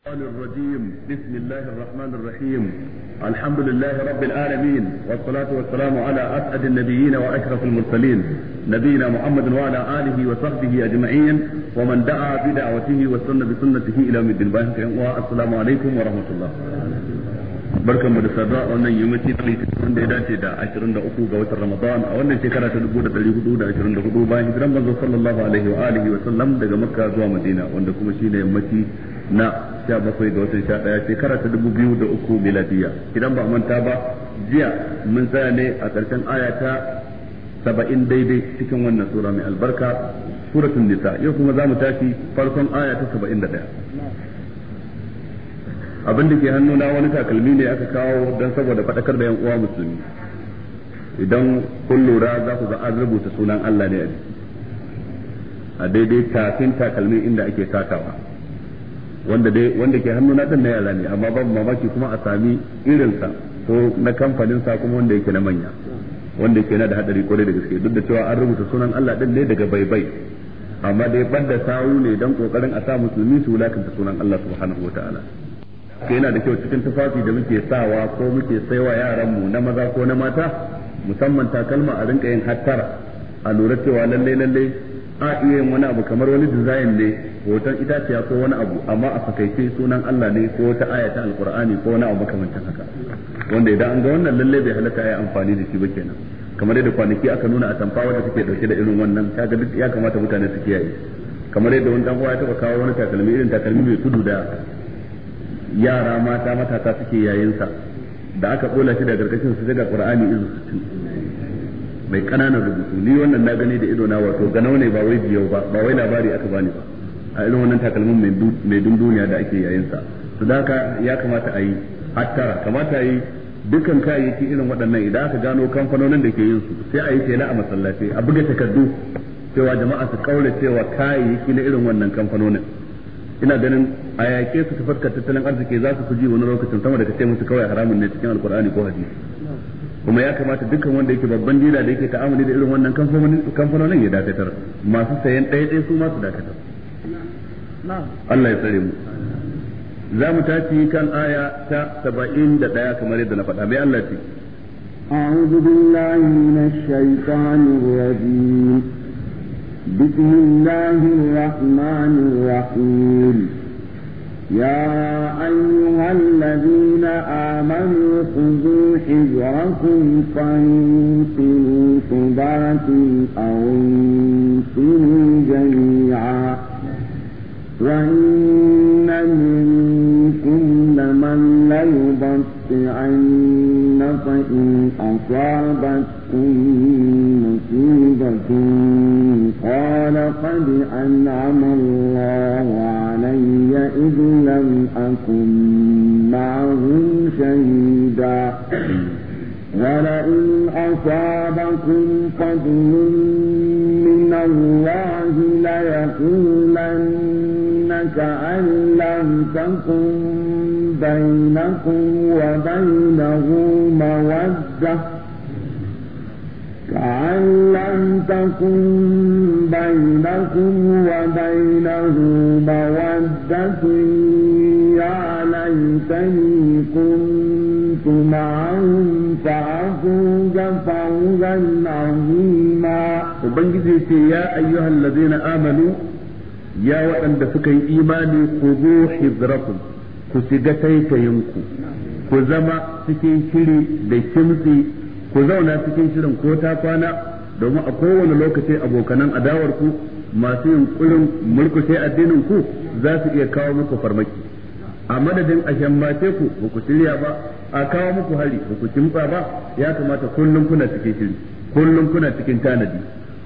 الشيطان الرجيم بسم الله الرحمن الرحيم الحمد لله رب العالمين والصلاة والسلام على أسعد النبيين وأشرف المرسلين نبينا محمد وعلى آله وصحبه أجمعين ومن دعا بدعوته وسن بسنته إلى مد البحر والسلام عليكم ورحمة الله barkan mu da sadra wannan yammaci ta litinin wanda ya dace da 23 ga watan ramadan a wannan shekara ta 1424 bayan hijiran manzo sallallahu alaihi wa alihi wa sallam daga makka zuwa na sha bakwai ga watan sha ɗaya shekara ta dubu biyu da uku miladiya idan ba manta ba jiya mun tsaya ne a ƙarshen aya ta saba'in daidai cikin wannan sura mai albarka suratun nisa yau kuma za mu tashi farkon aya ta saba'in da ɗaya abin da ke hannu na wani takalmi ne aka kawo don saboda faɗakar da yan uwa musulmi idan kun lura za ku ga an rubuta sunan Allah ne a daidai tafin takalmin inda ake takawa. wanda dai wanda ke hannu na dan na yara ne amma babu mamaki kuma a sami irinsa ko na kamfanin sa kuma wanda yake na manya wanda yake na da hadari kore da gaske duk da cewa an rubuta sunan Allah din ne daga baibai amma dai banda sawu ne dan kokarin a sa musulmi su wulakanta sunan Allah subhanahu wataala ke yana da kyau cikin tufafi da muke sawa ko muke saiwa yaran mu na maza ko na mata musamman takalma a rinka yin hattara a lura cewa lallai lalle a iya yin wani abu kamar wani design ne hoton itaciya ko wani abu amma a fakaice sunan Allah ne ko wata aya ta alqur'ani ko wani abu makamancin haka wanda idan an ga wannan lalle bai halatta ai amfani da shi ba kenan kamar yadda kwanaki aka nuna a tamfa wanda take dauke da irin wannan kaga duk ya kamata mutane su kiyaye kamar yadda wani dan uwa ya taba kawo wani takalmi irin takalmi mai tudu da yara mata matasa suke yayin sa da aka bola shi da karkashin su daga qur'ani izu mai kananan rubutu ni wannan na gani da ido na wato ga ne ba wai biyo ba ba wai labari aka bani ba a irin wannan takalmin mai dunduniya da ake yayin sa to da haka ya kamata a yi hatta kamata a yi dukkan kayayyaki irin waɗannan idan aka gano kamfanonin da ke yin su sai a yi tela a masallaci a buga takardu cewa jama'a su kaure cewa kayayyaki na irin wannan kamfanonin ina ganin a yaƙe su ta fuskar tattalin arziki za su ji wani lokacin sama da ka ce musu kawai haramun ne cikin alkur'ani ko hadisi kuma ya kamata dukkan wanda yake babban dila da yake ta'amuli da irin wannan kamfanonin ya dakatar masu sayan ɗaya ɗaya su masu dakatar Allah ya tsare mu za mu tashi kan aya ta saba'in da ɗaya kamar yadda na faɗa mai Allah ce أعوذ بالله من الشيطان الرجيم بسم الله الرحمن الرحيم يا أيها الذين آمنوا خذوا حجركم فانفروا ثبات أو انفروا جميعا وإن منكم لمن ليبطئن الرسول فإن أصابتكم مصيبة قال قد أنعم الله علي إذ لم أكن معهم شهيدا ولئن أصابكم فضل من الله ليقولن كأن لم تكن بينكم وبينه مودة كأن لم تكن بينكم وبينه مودة يا ليتني كنت معهم فأفوز فوزا عظيما وبنجي يا أيها الذين آمنوا يا وأن سكي إيماني خذوا حذركم ku shiga taitayinku ku zama cikin shiri da kimtsi ku zauna cikin shirin ko ta kwana domin a kowane lokaci abokanan adawarku masu yunkurin mulkushe addinin ku za su iya kawo muku farmaki a madadin a shambace ku ba ku shirya ba a kawo muku hari ba ku kimsa ba ya kamata kullum kuna cikin shiri kullum kuna cikin tanadi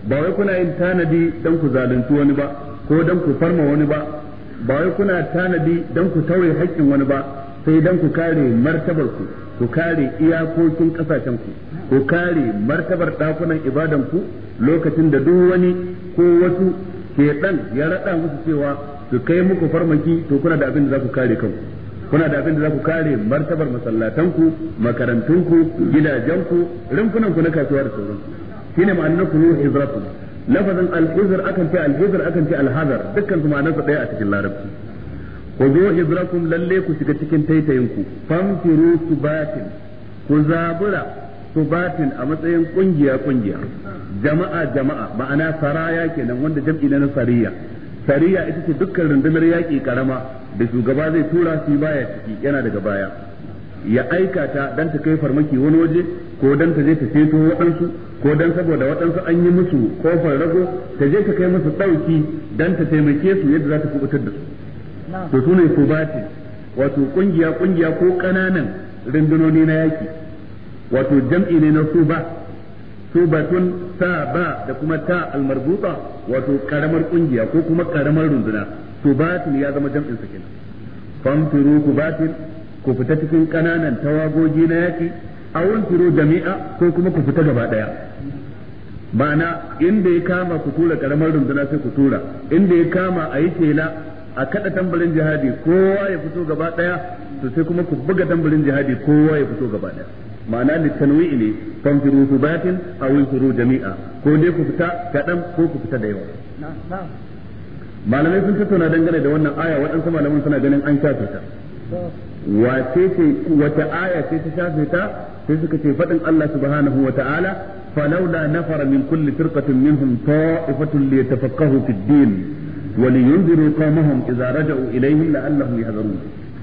ba wai kuna yin tanadi don ku zalunci wani ba ko don ku farma wani ba ba wai kuna tanadi dan ku tauye haƙƙin wani ba sai dan ku kare martabar ku ku kare iyakokin kasashen ku ku kare martabar ɗakunan ibadan ku lokacin da duk wani ko wasu ke dan ya raɗa musu cewa su kai muku farmaki to kuna da abin da za ku kare kanku kuna da abin da za ku kare martabar masallatanku makarantunku gidajenku rumfunan ku na kasuwar da sauransu shine ma'anar ku lafazin al-hizr akan ce al-hizr akan ce alhazar dukkan su ma'anarsa daya a cikin larabci ku zo lalle ku shiga cikin taitayin ku famfiru subatin ku zabura subatin a matsayin kungiya kungiya jama'a jama'a ma'ana saraya kenan wanda jam'i na sariya sariya ita ce dukkan rundunar yaƙi karama da shugaba zai tura su baya ciki yana daga baya ya aikata ta dan ta kai farmaki wani waje ko dan ta je ta ceto waɗansu ko dan saboda waɗansu an yi musu kofar rago ta je ka kai musu ɗauki dan ta taimake su yadda za ta kubutar da su to su ne kubati wato kungiya kungiya ko ƙananan rundunoni na yaki wato jam'i ne na suba subatun ta ba da kuma ta almarbuta wato karamar kungiya ko kuma karamar runduna subatin ya zama jam'in sa kenan famfiru kubatin ku fita cikin ƙananan tawagogi na yaki awun tiro jami'a ko kuma ku fita gaba daya ma'ana inda ya kama ku tura karamar runduna sai ku tura inda ya kama a yi kela a kada tambarin jihadi kowa ya fito gaba daya to sai kuma ku buga tambarin jihadi kowa ya fito gaba daya ma'ana tanwi'i ne fanfiru subatin aw infuru jami'a ko dai ku fita kadan ko ku fita da yawa malamai sun tattauna dangane da wannan aya waɗansu malamin suna ganin an shafe ta wace ce wata aya ce ta shafe ta sai suka ce faɗin Allah subhanahu wa ta'ala فلولا نفر من كل فرقة منهم طائفة ليتفقهوا في الدين ولينذروا قومهم إذا رجعوا إليهم لعلهم يحذرون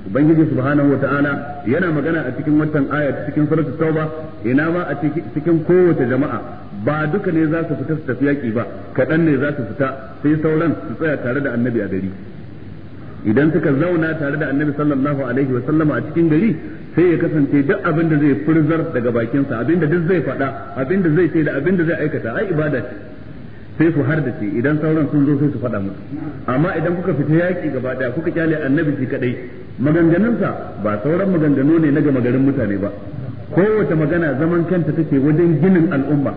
ubangiji subhanahu wa ta'ala yana magana a cikin wancan aya cikin suratul tauba ina ba a cikin kowace jama'a ba duka ne za su fita su tafi yaƙi ba kaɗan ne za su fita sai sauran su tsaya tare da annabi a gari idan suka zauna tare da annabi sallallahu alaihi wa sallama a cikin gari sai ya kasance duk abin da zai furzar daga bakinsa abin da duk zai faɗa abin da zai ce da abin da zai aikata ai ibada ce sai su har da ce idan sauran sun zo sai su faɗa musu amma idan kuka fita yaƙi gaba ɗaya kuka kyale annabi shi kaɗai maganganunsa ba sauran maganganu ne na gama garin mutane ba kowace magana zaman kanta take wajen ginin al'umma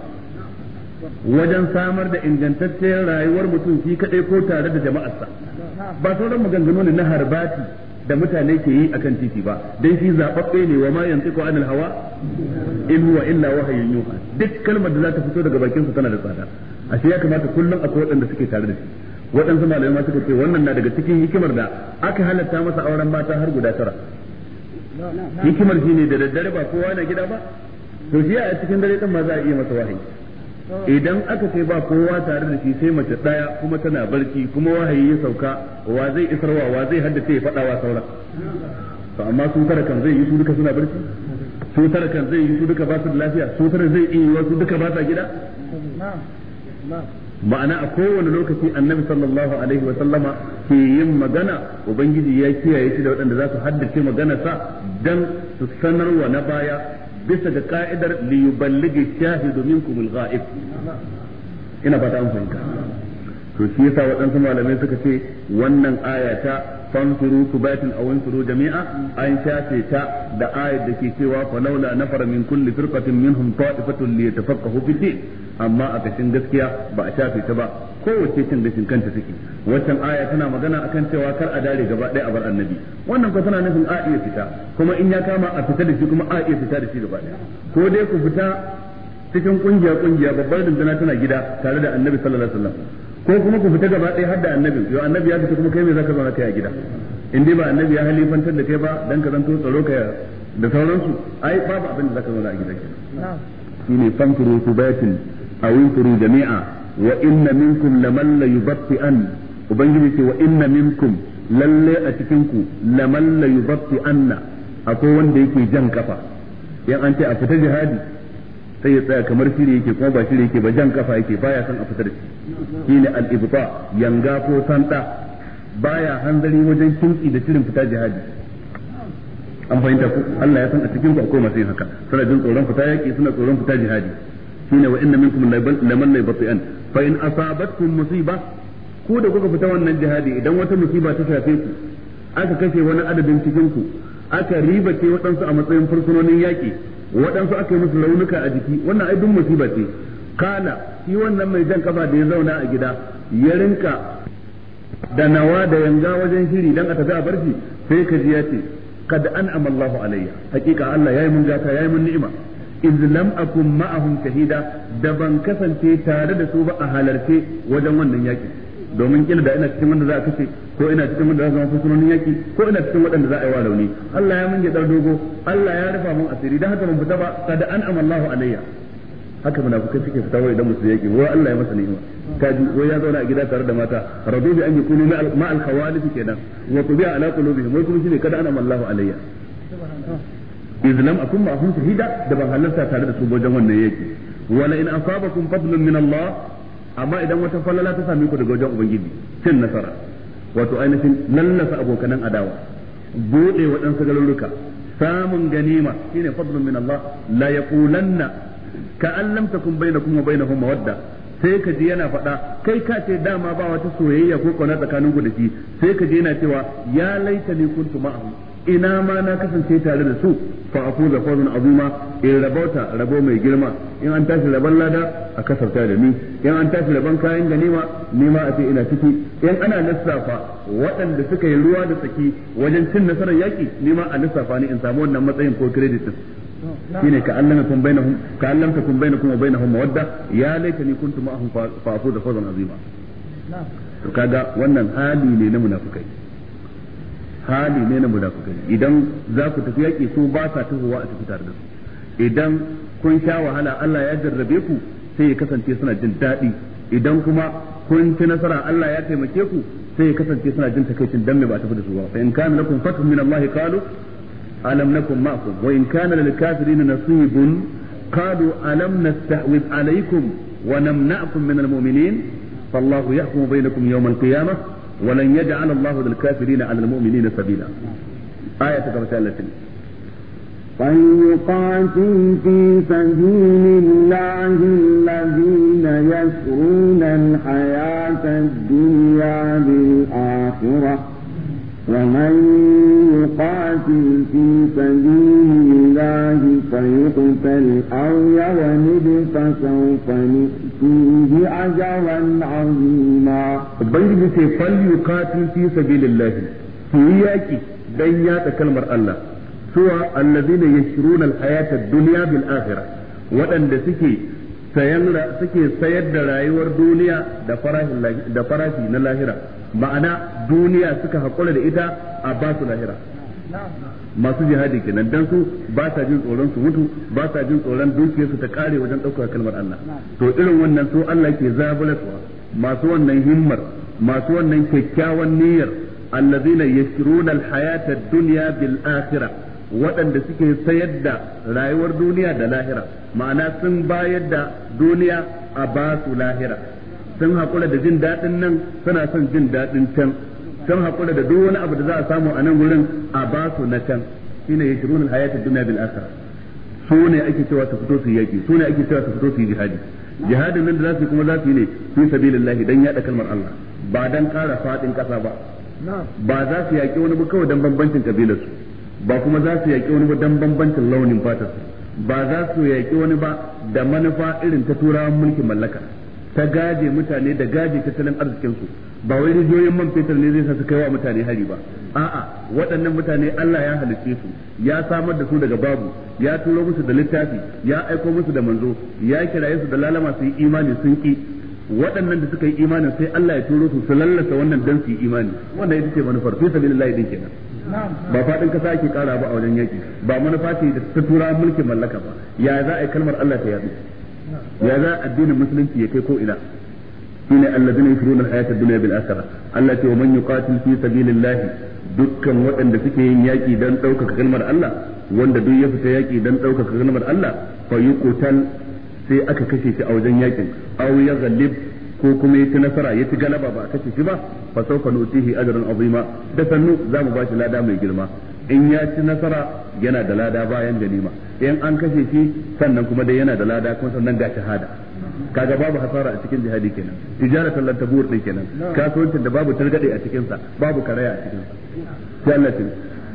wajen samar da ingantacciyar rayuwar mutum shi kaɗai ko tare da jama'arsa ba sauran maganganu ne na harbati da mutane ke yi akan titi ba dan shi zababbe ne wa ma ko anil hawa in huwa illa wahyun yuha duk kalmar da za ta fito daga bakin sa tana da tsada ashe ya kamata kullum akwai waɗanda suke tare da shi waɗansu malamai ma suka ce wannan na daga cikin hikimar da aka halatta masa auren mata har guda tara hikimar shi ne da daddare ba kowa na gida ba to shi a cikin dare din ma za a iya masa wahayi idan aka ce ba kowa tare da shi sai mace daya kuma tana barci kuma wahayi ya sauka wa zai isarwa wa zai haddace ya fada wa sauran to amma su tara kan zai yi su duka suna barci su tara kan zai yi su duka ba su da lafiya su tara zai iya wa su duka ba sa gida ma'ana a kowane lokaci annabi sallallahu alaihi wa sallama ke yin magana ubangiji ya kiyaye shi da waɗanda za su haddace magana sa? dan su sanarwa na baya bisa da ka'idar li yuballighi shahidu minkum al-ghaib ina fata an fahimta to shi yasa waɗansu malamai suka ce wannan aya ta fanfiru tubatin aw anfiru jami'a an shafe ta da ayar da ke cewa fa laula nafara min kulli firqatin minhum ta'ifatun li yatafaqahu fi amma a kashin gaskiya ba a shafe ta ba kowace cin gashin kanta take wancan aya tana magana akan cewa kar a dare gaba ɗaya a bar annabi wannan ko tana nufin a iya fita kuma in ya kama a fita da shi kuma a iya fita da shi gaba ɗaya ko dai ku fita cikin kungiya kungiya babbar dindina tana gida tare da annabi sallallahu alaihi wasallam ko kuma ku fita gaba ɗaya har da annabi yo annabi ya fita kuma kai me zaka zauna kai a gida in dai ba annabi ya halifantar da kai ba dan ka zanto tsaro ka da sauransu ai babu abin da zaka zauna a gida kenan shine fankuru kubatin awin kuru jami'a wa inna minkum laman la yubatti an ubangiji ce wa inna minkum lalle a cikin ku laman la yubatti anna akwai wanda yake jan kafa yan an ce a fita jihadi sai ya tsaya kamar shiri yake kuma ba shiri yake ba jan kafa yake baya san a fitar shi shine al-ibta yanga ko santa baya hanzari wajen kinki da shirin fita jihadi an fahimta ku Allah ya san a cikin ku akwai masu yin haka suna jin tsoron fita yaki suna tsoron fita jihadi shine wa inna minkum laman la yabti'an fa in asabatkum musiba ko da kuka fita wannan jihadi idan wata musiba ta shafe ku aka kashe wani adadin cikin ku aka riba ke waɗansu a matsayin fursunonin yaƙi waɗansu aka yi musu raunuka a jiki wannan ai duk musiba ce kala shi wannan mai jan kafa da ya zauna a gida ya rinka da nawa da yanga wajen shiri dan a tafi a barci sai ka ji ya ce kad an amallahu alayya hakika Allah yayi mun gata yayi mun ni'ima iz lam akum ma'ahum da ban kasance tare da su ba a halarce wajen wannan yaki domin kila da ina ko ina wanda a wa rauni Allah dogo haka fita ba fita wai musu Allah ya masa ni'ima wai ya zauna a gida tare da mata rabi bi an yakunu ma al khawalif kenan wa tubi'a ala qulubihim wai kuma shine kada an amallahu alayya izlam akun ma hun shahida da ban halarta tare da su wajen wannan yaki wala in asabakum fadlun min Allah amma idan wata falala ta same ku daga wajen ubangiji cin nasara wato ainihin lallasa abokanan adawa bude waɗansu garuruka samun ganima shine fadlun min Allah la yaqulanna ka an lam takun bainakum wa bainahum mawadda sai ka je yana faɗa kai ka ce dama ba wata soyayya ko kauna tsakaninku da shi sai ka ji yana cewa ya laita ni kuntu ma'ahu ina ma na kasance tare da su fa afuza fawzan azima in rabauta rabo mai girma in an tashi raban lada a kasarta da ni in an tashi raban kayan ganima ni ma a ce ina ciki in ana lissafa waɗanda suka yi ruwa da tsaki wajen cin nasarar yaƙi ni ma a lissafa ni in samu wannan matsayin ko credit shine ka allama kun bainahum ka allamta kun bainakum wa bainahum mawadda ya laitani kuntu ma'ahum fa afuza fawzan azima to kaga wannan hali ne na munafikai hali ne na munafikai idan za ku tafi yaƙi su ba sa tahowa a tafi tare da su idan kun sha wahala Allah ya jarrabe ku sai ya kasance suna jin daɗi idan kuma kun ci nasara Allah ya taimake ku sai ya kasance suna jin takaicin dan me ba tafi da su ba fa in kana lakum fathun min Allah qalu alam nakum ma'akum wa in kana lil kafirin nasibun qalu alam nastahwid alaykum wa namna'kum min al mu'minin فالله يحكم بينكم يوم القيامة ولن يجعل الله للكافرين على المؤمنين سبيلا آية تقرأ فليقاتل في سبيل الله الذين يسرون الحياة الدنيا بالآخرة ومن يقاتل في سبيل الله فيقتل أو يغلب فسوف نؤتيه أجرا عظيما بل فليقاتل في سبيل الله سوياك دنيا كلمة الله سوى الذين يشرون الحياة الدنيا بالآخرة وأن سكي sayan suke sayar da rayuwar duniya da farashi na lahira ma'ana duniya suka haƙura da ita a ba su lahira masu jihadi kenan dan su ba sa jin tsoron su mutu ba sa jin tsoron dukiyar su ta kare wajen ɗaukar kalmar Allah to irin wannan su Allah ke zabulatwa masu wannan himmar masu wannan kyakkyawan niyyar allazina yashruna alhayata ad-dunya bil akhirah waɗanda suke sayar da rayuwar duniya da lahira ma'ana sun bayar da duniya a ba su lahira sun haƙura da jin daɗin nan suna son jin daɗin can sun haƙura da duk wani abu da za a samu a nan wurin a ba su na can ne ya shirun hayatar duniya bil akhirah su ne ake cewa su fito su yaƙi. su ne ake cewa su fito su yi jihadi jihadin nan da za su yi kuma za su yi ne fi sabilillahi dan yaɗa kalmar Allah ba dan ƙara faɗin ƙasa ba ba za su yaƙi wani ba kawai dan bambancin kabilarsu ba kuma za su yaƙi wani ba dan bambancin launin fatarsu ba za su yaƙi wani ba da manufa irin ta turawan mulkin mallaka ta gaje mutane da gaje tattalin arzikinsu ba wai rijiyoyin man fetur ne zai sa su kai wa mutane hari ba a'a waɗannan mutane Allah ya halice su ya samar da su daga babu ya turo musu da littafi ya aiko musu da manzo ya kiraye su da lalama su yi imani sun ki waɗannan da suka yi imani sai Allah ya turo su su lallasa wannan dan su yi imani wannan ita ce manufar fi sabilillahi din kenan ba fadin kasa ake kara ba a wajen yaki ba manufa ce da ta tura mulkin mallaka ba ya za a yi kalmar Allah ta yadu ya za addinin musulunci ya kai ko ina shine alladhina yushruna al-hayata ad-dunya bil akhirah Allah ce wa man yuqatil fi lahi dukkan waɗanda suke yin yaki dan ɗaukaka kalmar Allah wanda duk ya fita yaki dan ɗaukaka kalmar Allah fa yuqtal sai aka kashe shi a wajen yakin aw ya ghalib ko kuma ya ci nasara ya ci galaba ba a kashe shi ba fa sawfa nutihi ajran azima da sannu za mu bashi lada mai girma in ya ci nasara yana da lada bayan ganima in an kashe shi sannan kuma dai yana da lada kuma sannan ga shahada kaga babu hasara a cikin jihadi kenan tijaratan lan tabur din kenan kasuwancin da babu targade a cikin sa babu karaya a cikin sa sai Allah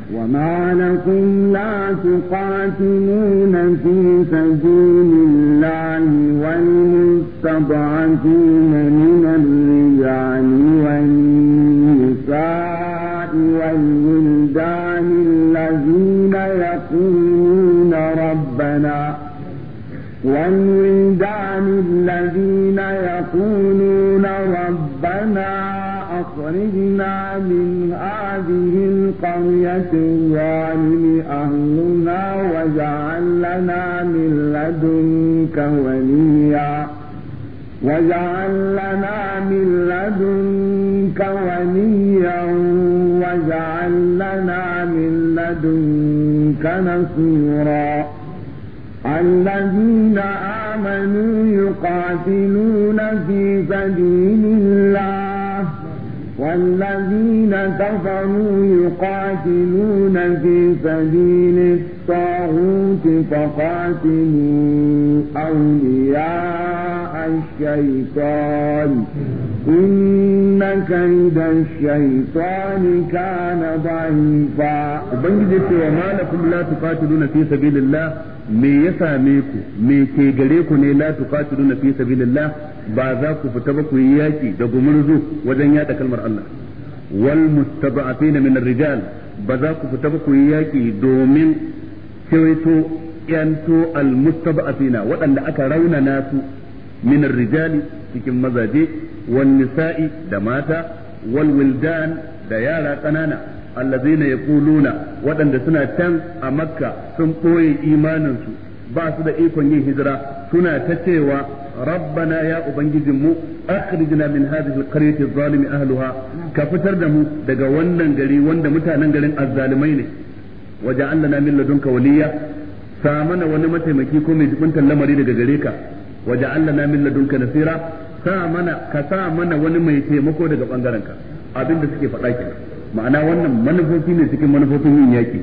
وما لكم لا تقاتلون في سبيل الله والمستضعفين من الرجال والنساء والولدان عن الذين يقولون ربنا والولدان الذين يقولون ربنا أخرجنا من هذه القرية الظالم أهلنا واجعل لنا من لدنك وليا واجعل لنا من لدنك لدنك نصيرا الذين آمنوا يقاتلون في سبيل الله والذين كفروا يقاتلون في سبيل الطاغوت فقاتلوا أولياء الشيطان إن كيد الشيطان كان ضعيفا وبنجد وما لكم لا تقاتلون في سبيل الله me ya same ku me ke gare ku ne la tuqatiluna fi sabilillah ba za ku fita ba ku yi yaki da gumurzu wajen yada kalmar Allah wal mustaba'afin min ar-rijal ba za ku fita ba ku yi yaki domin kewaito yanto al mustaba'afin waɗanda aka raunana su min ar-rijal cikin mazaje wan nisa'i da mata wal wildan da yara Allah zai kanana allazina yaquluna waɗanda suna can a makka sun koye imaninsu ba su da ikon yin hijira suna ta cewa rabbana ya ubangijinmu akhrijna min hadhihi alqaryati adh-dhalimi ahliha ka fitar da mu daga wannan gari wanda mutanen garin azzalimai ne Allah waja'alna min ladunka waliya samana wani mataimaki ko mai jibintan lamari daga gare ka waja'alna min ladunka nasira sa mana ka sa mana wani mai taimako daga bangaren ka abinda suke faɗa kenan ma'ana wannan manufofi ne cikin manufofin yin yaki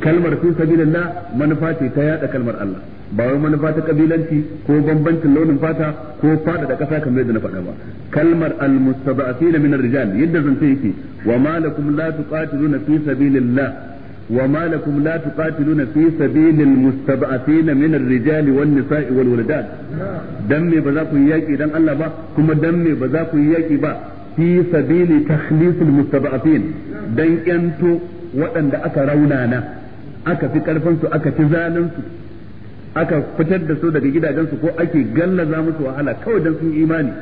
kalmar fi sabilillah manufa ce ta yada kalmar Allah ba wai manufa ta kabilanci ko bambancin launin fata ko fada da kasa kamar yadda na faɗa ba kalmar almustada'afin min ar-rijal yadda zan ce yake wa malakum la tuqatiluna fi sabilillah وما لكم لا تقاتلون في سبيل المستضعفين من الرجال والنساء والولدان دمي بذاكو ياكي دان الله با كما دمي بذاكو ياكي با في سبيل تخليص المستضعفين دان ينتو وأن أكا رونانا أكا في كالفنسو أكا تزالنسو aka fitar da su daga gidajensu ko ake gallaza musu wahala kawai dan sun imani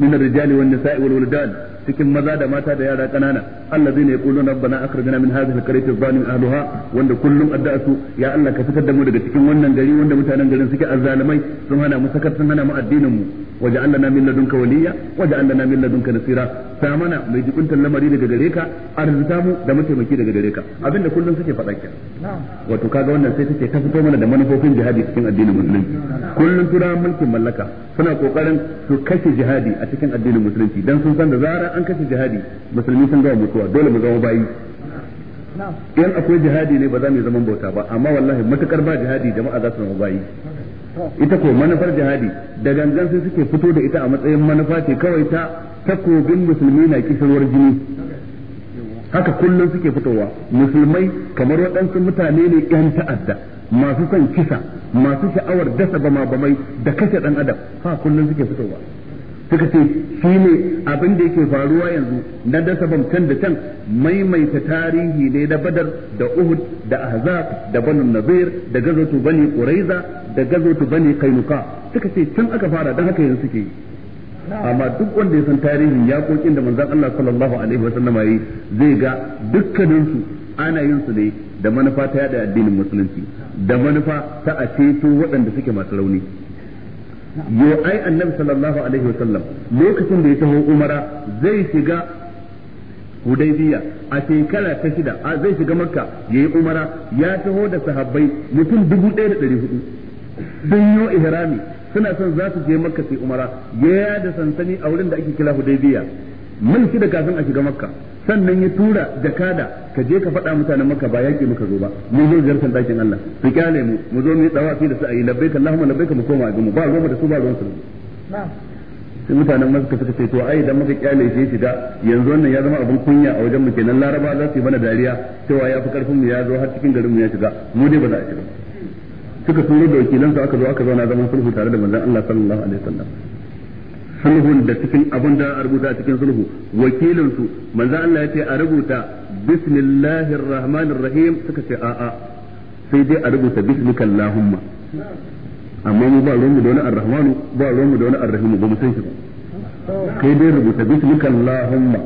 min ar-rijali wan nisa'i wal wuldan cikin maza da mata da yara kanana allazina yaquluna rabbana akhrijna min hadhihi alqaryati adh-dhalim ahliha wanda kullum addu'atu ya Allah ka fitar da mu daga cikin wannan gari wanda mutanen garin suke azzalimai sun hana mu sakar sun hana mu addinin mu waj'al lana min ladunka waliya waj'al lana min ladunka nasira ta mana mai jibintan lamari daga gare ka arzuta mu da mataimaki daga gare ka abinda kullum suke faɗa kenan wato kaga wannan sai take ta fito mana da manufofin jihadi cikin addinin musulunci kullum turawan mulkin mallaka suna kokarin su kashe jihadi a cikin addinin musulunci dan sun san da zarar an kashe jihadi musulmi sun gama mutuwa dole mu zama bayi in akwai jihadi ne ba za mu yi zaman bauta ba amma wallahi matukar ba jihadi jama'a za su zama bayi ita ko manufar jihadi da gangan sai suke fito da ita a matsayin manufa ce kawai ta takobin musulmi na kishirwar jini haka kullum suke fitowa musulmai kamar waɗansu mutane ne yan ta'adda masu son kisa masu sha'awar dasa bama bamai da kashe ɗan adam ha kullum suke fitowa suka ce shi ne abin da yake faruwa yanzu na dasa bamcan da can maimaita tarihi ne na badar da uhud da ahzab da banu nazir da gazotu bani quraiza da gazotu bani kainuka suka ce can aka fara dan haka yanzu suke yi amma duk wanda ya san tarihin yaƙoƙin da manzon Allah sallallahu alaihi wasallama yi zai ga dukkaninsu ana yin su ne da manufa ta yada addinin musulunci da manufa ta a ceto waɗanda suke masu rauni yo ai annabi sallallahu alaihi wasallam lokacin da ya taho umara zai shiga hudaybiya a shekara ta shida zai shiga makka yayi umara ya taho da sahabbai mutum dubu ɗaya da ɗari hudu sun yi ihrami suna son za su je makka sai umara ya da sansani a wurin da ake kira hudaybiya mun shi da kafin a shiga makka sannan ya tura jakada ka je ka faɗa mutanen makka ba yaƙi muka zo ba mu zo ziyartar dakin Allah su kyale mu mu zo mu yi tsawafi da sa'ayi labbaika Allahumma labbaika mu koma abin mu ba ruwa da su ba ruwan su sai mutanen makka suka ce to ai idan muka kyale shi shiga yanzu wannan ya zama abin kunya a wajen mu kenan laraba za su yi mana dariya cewa ya fi karfin mu ya zo har cikin garin mu ya shiga mu dai ba za a shiga suka turo da wakilansa aka zo aka zauna zaman sulhu tare da manzon Allah sallallahu alaihi wasallam sulhun da cikin abin da rubuta a cikin sulhu wakilin su manzo Allah ya ce a rubuta bismillahir rahmanir rahim suka ce a a sai dai a rubuta bismika allahumma amma mu ba ruwanmu da wani arrahmanu ba ruwanmu da wani arrahimu ba mu san shi ba kai dai rubuta bismika allahumma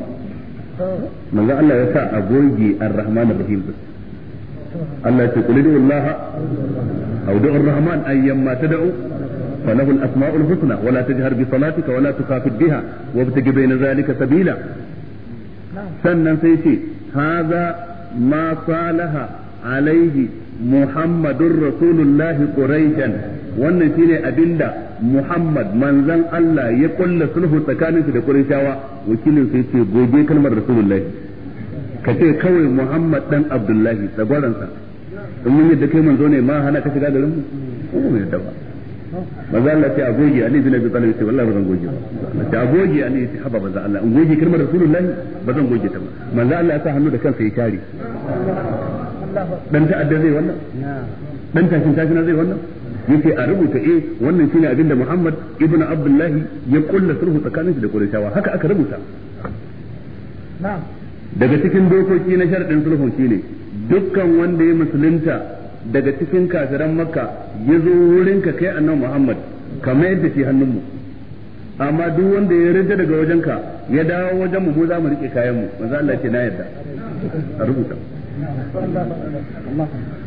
manzo Allah ya sa a goge arrahmanir rahim Allah ya ce kulli Allah au du'ur rahman ayyamma tad'u فله الأسماء الحسنى ولا تجهر بصلاتك ولا تخافت بها وابتغ بين ذلك سبيلا سنن سيتي هذا ما صالها عليه محمد رسول الله قريشا wannan shine abinda Muhammad manzon Allah ya kulla sulhu tsakaninsu da Qurayshawa wakilin sai ce goge kalmar Rasulullahi ka ce kawai Muhammad dan Abdullahi sa in mun yadda kai manzo ne ma hana ka shiga garin mu ko manzo Allah sai a goge Ali bin Abi Talib sai wallahi ba zan goge ba sai a goge Ali sai haba manzo Allah in goge kalmar Rasulullah ba zan goge ta ba manzo Allah ya sa hannu da kansa ya kare dan ta'adda zai wannan dan tashin tashin zai wannan yace a rubuta eh wannan shine abin da Muhammad ibn Abdullah ya kulla sulhu tsakanin shi da Qurayshawa haka aka rubuta daga cikin dokoki na sharadin sulhu shine dukkan wanda ya musulunta daga cikin kafiran makka ya zo wurinka kai annabi muhammad kamar yadda ke shi mu. amma duk wanda ya rinta daga wajenka ya dawo wajen mu za mu rike kayan mu manzo Allah ce na yarda a rubuta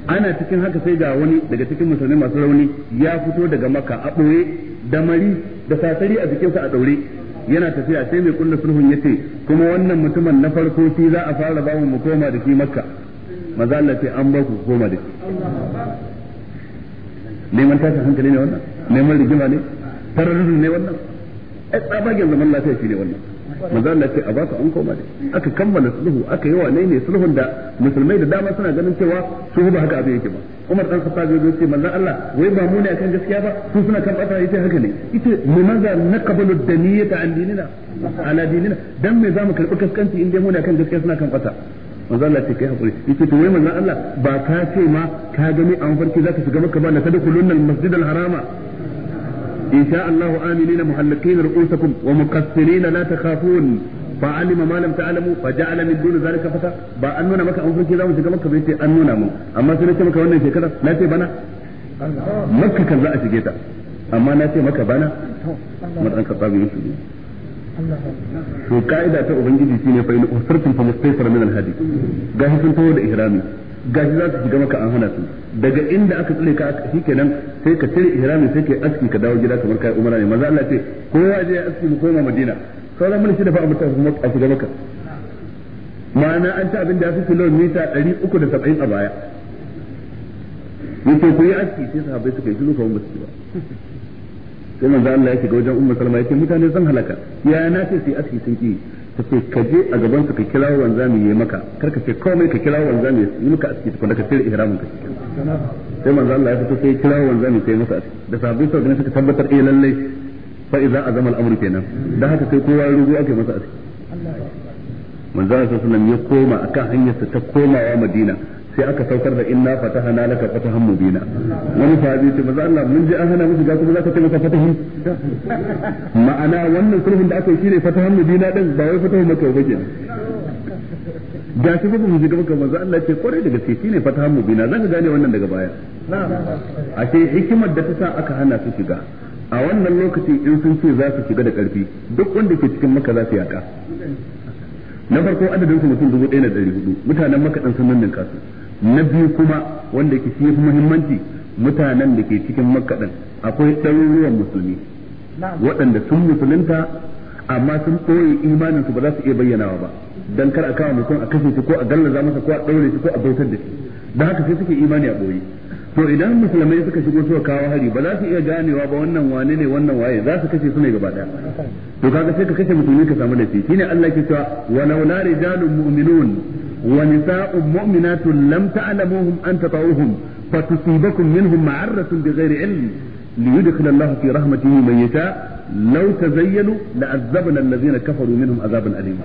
ana cikin haka sai ga wani daga cikin musulmai masu rauni ya fito daga makka a ɓoye da mari da sasari a jikinsa a ɗaure yana tafiya sai mai kulla sulhun ya ce kuma wannan mutumin na farko shi za a fara bamu mu koma da shi makka maza Allah ce an ba ku goma da shi neman tashin hankali ne wannan neman rigima ne tararin ne wannan ai tsabagen zaman lafiya shi ne wannan maza Allah ce a ba an koma da aka kammala sulhu aka yi wa ne ne sulhun da musulmai da dama suna ganin cewa su ba haka abin yake ba Umar dan Khattab ya ce manzo Allah wai ba mu ne akan gaskiya ba su suna kan bata yace haka ne ita na naqbalu daniyata an dinina ala dinina dan me zamu karbi kaskanci inda mu ne akan gaskiya suna kan bata manzo Allah ce kai hakuri yace to wai manzo Allah ba ka ce ma ka gani an farki zaka shiga maka ba la tadkhulun al masjid al harama in sha Allah aminina muhallakin ru'usakum wa muqassirina la takhafun fa alima ma lam ta'lamu fa ja'ala min dun zalika fata ba an nuna maka an farki zamu shiga maka bai ce an nuna mu amma sai nace maka wannan shekara na ce bana makka kan za a shige ta amma na ce maka bana madan ka tsabi musu to ka'ida ta ubangiji shine fa in usirtum fa mustaysara min al-hadi gashi sun tawo da ihrami gashi za su shiga maka an hana su daga inda aka tsare ka shikenan sai ka cire ihrami sai ka aski ka dawo gida kamar kai umara ne maza Allah ce ya je ya aski mu koma Madina sauran mun shi da fa a mutum a shiga maka ma'ana an ta abin da ya fi kilomita 370 a baya yace ku yi aski sai sahabbai suka yi su lokacin ba su ba sai manzo Allah ya shiga wajen ummu salma yace mutane zan halaka ya na ce sai aski sun ki tace ka je a gaban su ka kira wanzami yayi maka kar ka ce komai ka kira wanzami yayi maka aski tukun ka tsira ihramin ka sai manzo Allah ya fito sai kira wanzami sai masa aski da sabbin sau ne suka tabbatar eh lalle fa idza azama al-amru kenan dan haka sai kowa rugu ake masa aski manzo Allah sallallahu alaihi wasallam ya koma akan hanyarsa ta komawa Madina sai aka saukar da inna fatahana laka fatahan mubina wani sahabi ce maza Allah mun ji an hana musu ga kuma zaka maka fatahi ma'ana wannan sulhun da aka yi shine fatahan mubina din ba wai fatahan maka ba ke ga shi kuma mu ji gaba maza Allah ce kwarai da gaske shine fatahan mubina zaka gane wannan daga baya a ce hikimar da ta sa aka hana su shiga a wannan lokacin in sun ce za su shiga da karfi duk wanda ke cikin maka za su yaka na farko adadin su mutum dubu ɗaya da ɗari hudu mutanen maka ɗan sun nan kasu na biyu kuma wanda ke shi muhimmanci mutanen da ke cikin makka akwai ɗaruruwan musulmi waɗanda sun musulunta amma sun ɓoye imanin su ba za su iya bayyanawa ba dan kar a kawo mutum a kashe shi ko a gallaza masa ko a ɗaure shi ko a bautar da shi dan haka sai suke imani a ɓoye to idan musulmai suka shigo suka kawo hari ba za su iya ganewa ba wannan wane ne wannan waye za su kashe su ne gaba daya to kaga sai ka kashe musulmi ka samu laifi shine Allah ke cewa walau la rijalun mu'minun wa nisa'un mu'minatun lam ta'lamuhum an tata'uhum fatusibakum minhum da bighairi ilm ليدخل الله في رحمته من يشاء لو تزينوا لعذبنا الذين كفروا منهم عذابا اليما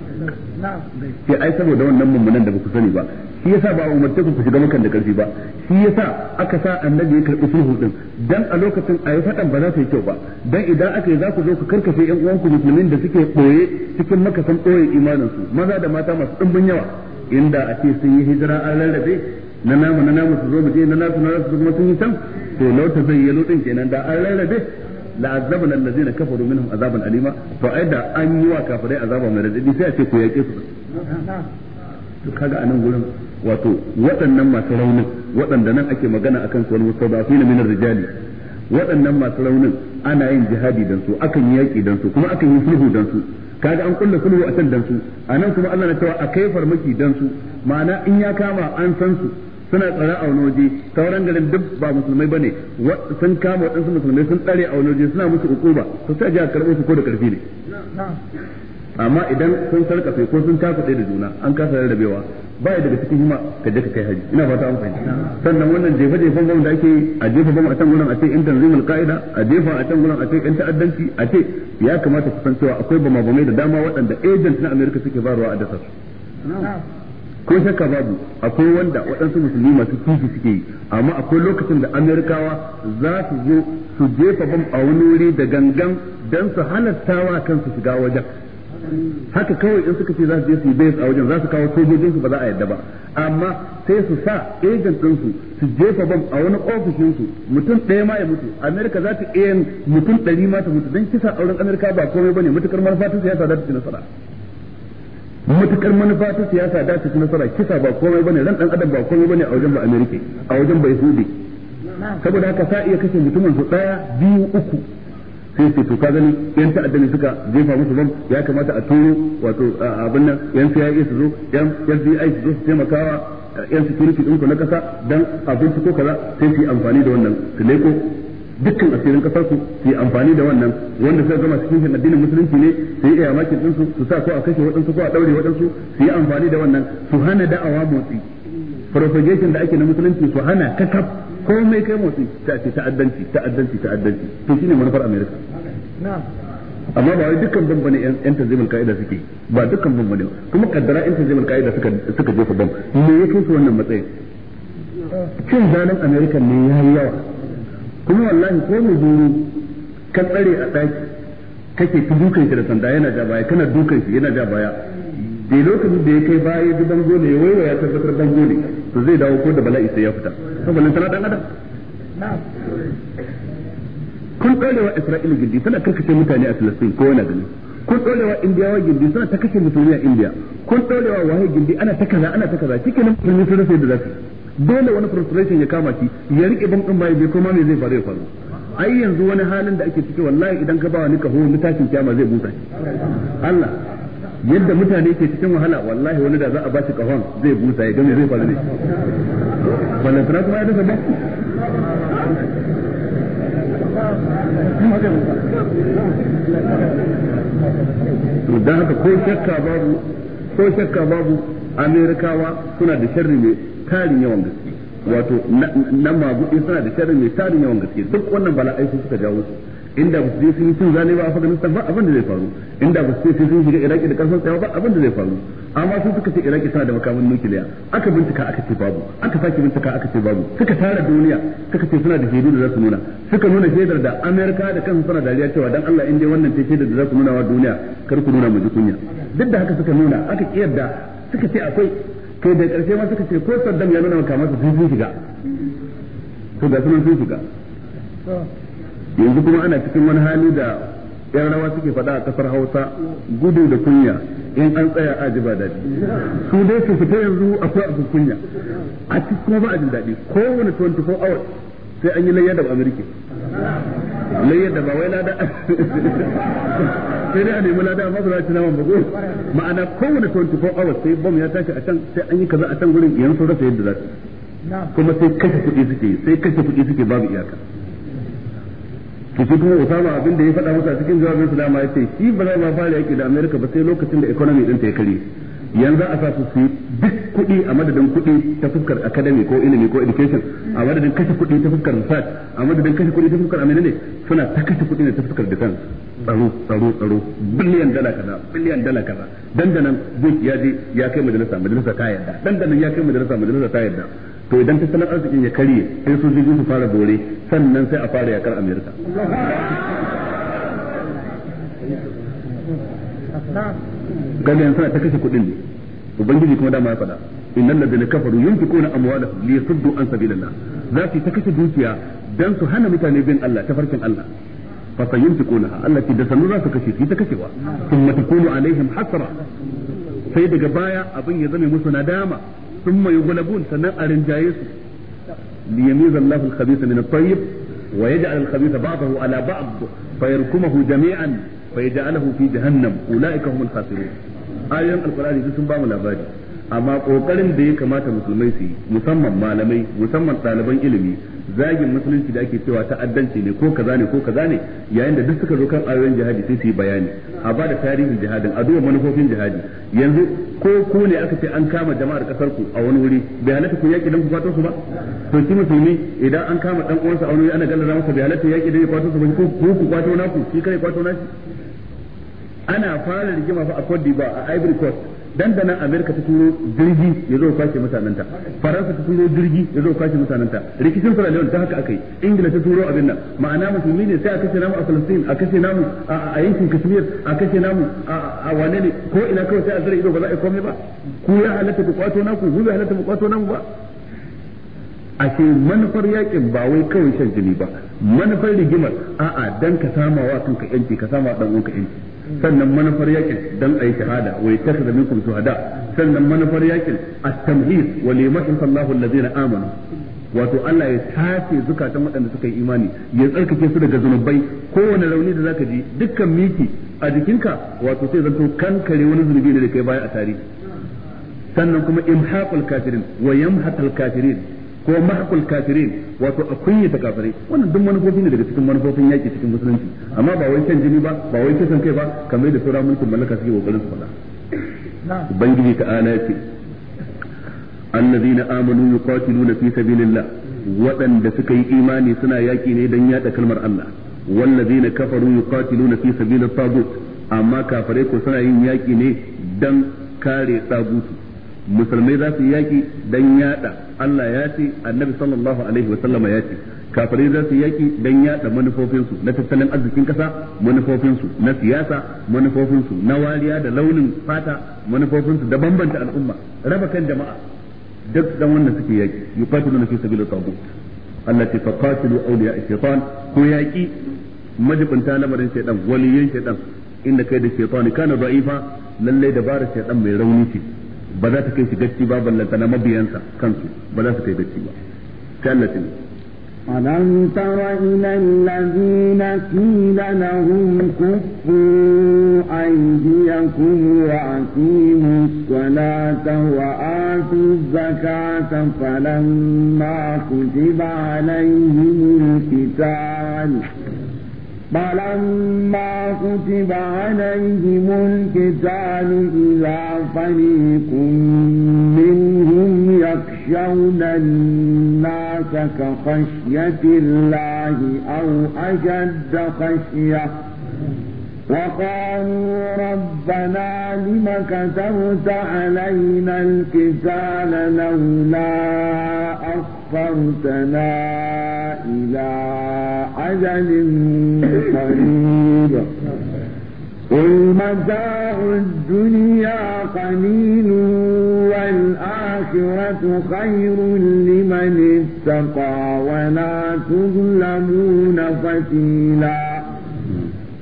في اي سبب da wannan mummunan da baku sani ba shi yasa ba umarce ku shiga makan da karfi ba shi yasa aka sa annabi ya karbi sulhu din dan a lokacin ayi faɗan ba za ta yi kyau ba dan idan aka yi za ku zo ku karkace yan uwanku musulmin da suke ɓoye cikin makasan boye imanin su maza da mata masu dimbin yawa inda a ce sun yi hijira an rarrabe na namu na namu su zo mu je na nasu na nasu kuma sun yi can to lauta zai yi lutin kenan da an rarrabe la azabna allazina kafaru minhum azaban alima to ai da an yi wa kafirai azaba mai radadi sai a ce ku yake su to kaga anan gurin wato waɗannan masu raunin waɗanda nan ake magana akan su wal mustadafina min ar-rijali waɗannan masu raunin ana yin jihadi dan su akan yi yaƙi dan su kuma akan yi sulhu dan su kaga an kulla sulhu a can dan su anan kuma Allah na cewa a kai farmaki dan su ma'ana in ya kama an san su suna tsare a wani waje sauran garin duk ba musulmai bane sun kama waɗansu musulmai sun tsare a wani waje suna musu hukuma to sai ji a karɓo su ko da karfi ne amma idan sun sarƙafe ko sun ɗaya da juna an kasa rarrabewa ba daga cikin hima ka je ka kai haji ina fata amfani sannan wannan jefa jefan bam da ake a jefa bam a can gurin a ce in tanzimul ka'ida a jefa a can gurin a ce in ta'addanci a ce ya kamata su san cewa akwai bama bamai da dama waɗanda agent na America suke barwa a dasa ko shakka babu akwai wanda waɗansu musulmi masu kifi suke yi amma akwai lokacin da Amerikawa za su zo su jefa bam a wani wuri da gangan don su halattawa kansu shiga wajen haka kawai in suka ce za su je su bayyana a wajen za su kawo sojojin su ba za a yadda ba amma sai su sa agent din su su jefa bom a wani ofishin su mutum ɗaya ma ya mutu Amerika za ta iya mutum ɗari ma ta mutu don kisa auren Amerika ba komai bane mutukar manufa ta siyasa za ta ci nasara mutukar manufa ta siyasa da ta ci nasara kisa ba komai bane ran dan adam ba komai bane a wajen ba Amerika a wajen ba Yahudi saboda haka sa iya kashe mutumin su ɗaya biyu uku sai su to ka gani yan ta'addani suka jefa musu bam ya kamata a turo wato abin nan yan CIA su zo yan ai su zo su taimakawa yan security din ku na kasa dan abin su ko kaza sai su yi amfani da wannan su leko dukkan asirin kasar ku su yi amfani da wannan wanda suka gama cikin addinin musulunci ne su yi iyamakin din su su sa ko a kashe waɗansu ko a ɗaure waɗansu su yi amfani da wannan su hana da'awa motsi propagation da ake na musulunci su hana kakaf komai kai motsi ta ce ta'addanci ta'addanci ta'addanci to shine manufar America amma ba wai dukkan ban yan tanzimul ka'ida suke ba dukkan ban kuma kaddara yan tanzimul ka'ida suka suka jefa ban me ya kai su wannan matsayin cin zanen America ne yayi yawa kuma wallahi ko mu duru ka tsare a daki kake ta dukan shi da sanda yana ja baya kana dukan shi yana ja baya bai lokacin da ya kai baya ya ji bango ne ya waiwa ya tabbatar bango ne to zai dawo ko da bala'i sai ya fita saboda tana dan adam kun dole wa Isra'ila gindi tana karkace mutane a filistin ko wani gani kun dole wa Indiyawa gindi suna ta kashe musulmi a Indiya kun dole wa wahayi gindi ana ta kaza ana ta kaza cikin musulmi sun rasa yadda za su dole wani frustration ya kama ki ya rike ban din bai bai koma ne zai faru ya faru ai yanzu wani halin da ake ciki wallahi idan ka ba wani kaho mutashin kiyama zai busa Allah yadda mutane ke cikin wahala wallahi wani da za a bashi kahon zai busa ya game zai faru ne balantana kuma ya dasa ba da haka ko shakka babu ko shakka babu amerikawa suna da sharri mai tarin yawan gaske wato nan mabuɗi suna da sharri mai tarin yawan gaske duk wannan bala'ai su suka jawo su inda ba su je sun yi cin zane ba a Afghanistan ba abin da zai faru inda ba su je sun shiga Iraki da karfin tsaye ba abin da zai faru amma sun suka ce Iraki tana da makamin nukiliya aka bincika aka ce babu aka sake bincika aka ce babu suka tara duniya suka ce suna da shaidu da za su nuna suka nuna shaidar da Amerika da kansu suna dariya cewa dan Allah in dai wannan ce shaidar da za su nuna wa duniya kar ku nuna mu ji kunya duk da haka suka nuna aka kiyarda suka ce akwai kai da karshe ma suka ce ko Saddam ya nuna makamansa sun shiga to ga sunan sun shiga yanzu kuma ana cikin wani hali da yan rawa suke faɗa a kasar hausa gudu da kunya in an tsaya a ji ba daɗi su dai su fita yanzu akwai abin kunya a cikin kuma ba a jin daɗi kowane 24 hours sai an yi layya da amurki layyar da ba wai lada sai dai a nemi lada amma ba za ci naman bago ma'ana kowane 24 hours sai bom ya tashi a can sai an yi kaza a can gurin yanzu rasa yadda za su kuma sai kashe kuɗi suke sai kashe kuɗi suke babu iyaka to shi kuma Osama abin da ya faɗa masa cikin jawabin Salama ya ce shi ba za ma fara yaki da Amerika ba sai lokacin da economy din ta ya kare yanzu a sa su su duk kuɗi a madadin kuɗi ta fuskar academy ko ilimi ko education a madadin kashe kuɗi ta fuskar research a madadin kashe kuɗi ta fuskar amene ne suna ta kashe kuɗi ne ta fuskar defense tsaro tsaro tsaro biliyan dala kaza biliyan dala kaza dandanan zai ya je ya kai majalisa majalisa ta yarda dandanan ya kai majalisa majalisa ta yarda to idan tattalin arzikin ya karye sai sojoji su fara dore sannan sai a fara yakar amerika kaga yanzu suna ta kashe kuɗin ne ubangiji kuma dama ya faɗa innal ladina kafaru yunfiquna amwalahum liyasuddu an sabilillah za su ta kashe dukiya dan su hana mutane bin Allah ta farkin Allah fa sayunfiqunaha Allah ki da sanu za su kashe su ta kashewa thumma takunu alaihim hasra sai daga baya abin ya zame musu nadama thumma yughlabun sannan a rinjaye su liyamiz Allahu al-khabitha min at-tayyib wa yaj'al al-khabitha ba'dahu ala ba'd fayarkumuhu jami'an fayaj'aluhu fi jahannam ulaika humul khasirun ayoyin alqur'ani sun ba mu labari amma kokarin da ya kamata musulmai su yi musamman malamai musamman ɗaliban ilimi zagin musulunci da ake cewa ta'addanci ne ko kaza ne ko kaza ne yayin da duk suka zo kan ayoyin jihadi sai su yi bayani a bada tarihin jihadin a duba manufofin jihadi yanzu ko ku ne aka ce an kama jama'ar kasar ku a wani wuri bai halatta ku yaki dan ku fatan su ba to shi musulmi idan an kama dan uwansa a wani wuri ana gallaza masa bai halatta yaki dan ya kwato su ba ko ku ku kwato naku shi kare kwato nashi ana fara rigima fa a Cote d'Ivoire a Ivory Coast dandanan amerika ta turo jirgi ya zo kwashe mutanenta faransa ta turo jirgi ya zo kwashe mutanenta rikicin sierra ta haka aka yi ingila ta turo abin nan ma'ana musulmi ne sai a kashe namu a palestine a kashe namu a yankin kashmir a kashe namu a wane ne ko ina kawai sai a zara ido ba za a yi komai ba ku ya halatta ku kwato naku ku ya halatta ku kwato namu ba ashe manufar yakin ba wai kawai shan jini ba manufar rigimar a'a dan ka sama wa kanka yanci ka sama dan uwanka yanci sannan manufar yakin dan ayi shahada wa yattakhidha minkum shuhada sannan manufar yakin at-tamhid wa na Allahu allazina amanu wato Allah ya tace zukatan waɗanda suka yi imani ya tsarkake su daga zunubai kowane rauni da zaka ji dukkan miki a jikinka wato sai zanto kankare wani zunubi ne da kai baya a tarihi sannan kuma imhaqul kafirin wa yamhaqul kafirin ko mahkul kafirin wato a kunyata kafirai wannan duk manufofi ne daga cikin manufofin yaki cikin musulunci amma ba wai kan jini ba ba wai kisan kai ba kamar da sauran mulkin mallaka suke kokarin su faɗa ubangiji ta ala yace allazina amanu yuqatiluna fi sabilillah waɗanda suka yi imani suna yaki ne dan yada kalmar Allah wallazina kafaru yuqatiluna fi sabilit tagut amma kafirai ko suna yin yaki ne dan kare tagutu musulmai za su yaki dan yada Allah ya ce annabi sallallahu alaihi wasallam ya ce kafirai za su yaki dan yada manufofinsu na tattalin arzikin kasa manufofinsu na siyasa manufofinsu na wariya da launin fata manufofinsu da bambanta al'umma raba kan jama'a duk dan wanda suke yaki yuqatiluna fi sabilit tawbu Allah ce fa qatilu awliya ash-shaytan ko yaki majibinta lamarin shaytan waliyin shaytan inda kai da shaytan kana da'ifa lalle dabara shaytan mai rauni ce ba za ta kai shiga ci ba ballanta na mabiyansa kansu ba za ta kai gaci ba kallatin alam tara ila alladhina qila lahum wa aqimu salata wa atu zakata falamma kutiba alayhim فلما كتب عليهم الكتاب إلى فريق منهم يخشون الناس كخشية الله أو أشد خشية وقالوا ربنا لم كتبت علينا الكتاب لولا أخرتنا إلى أجل قريب قل متاع الدنيا قليل والآخرة خير لمن اتقى ولا تظلمون فتيلاً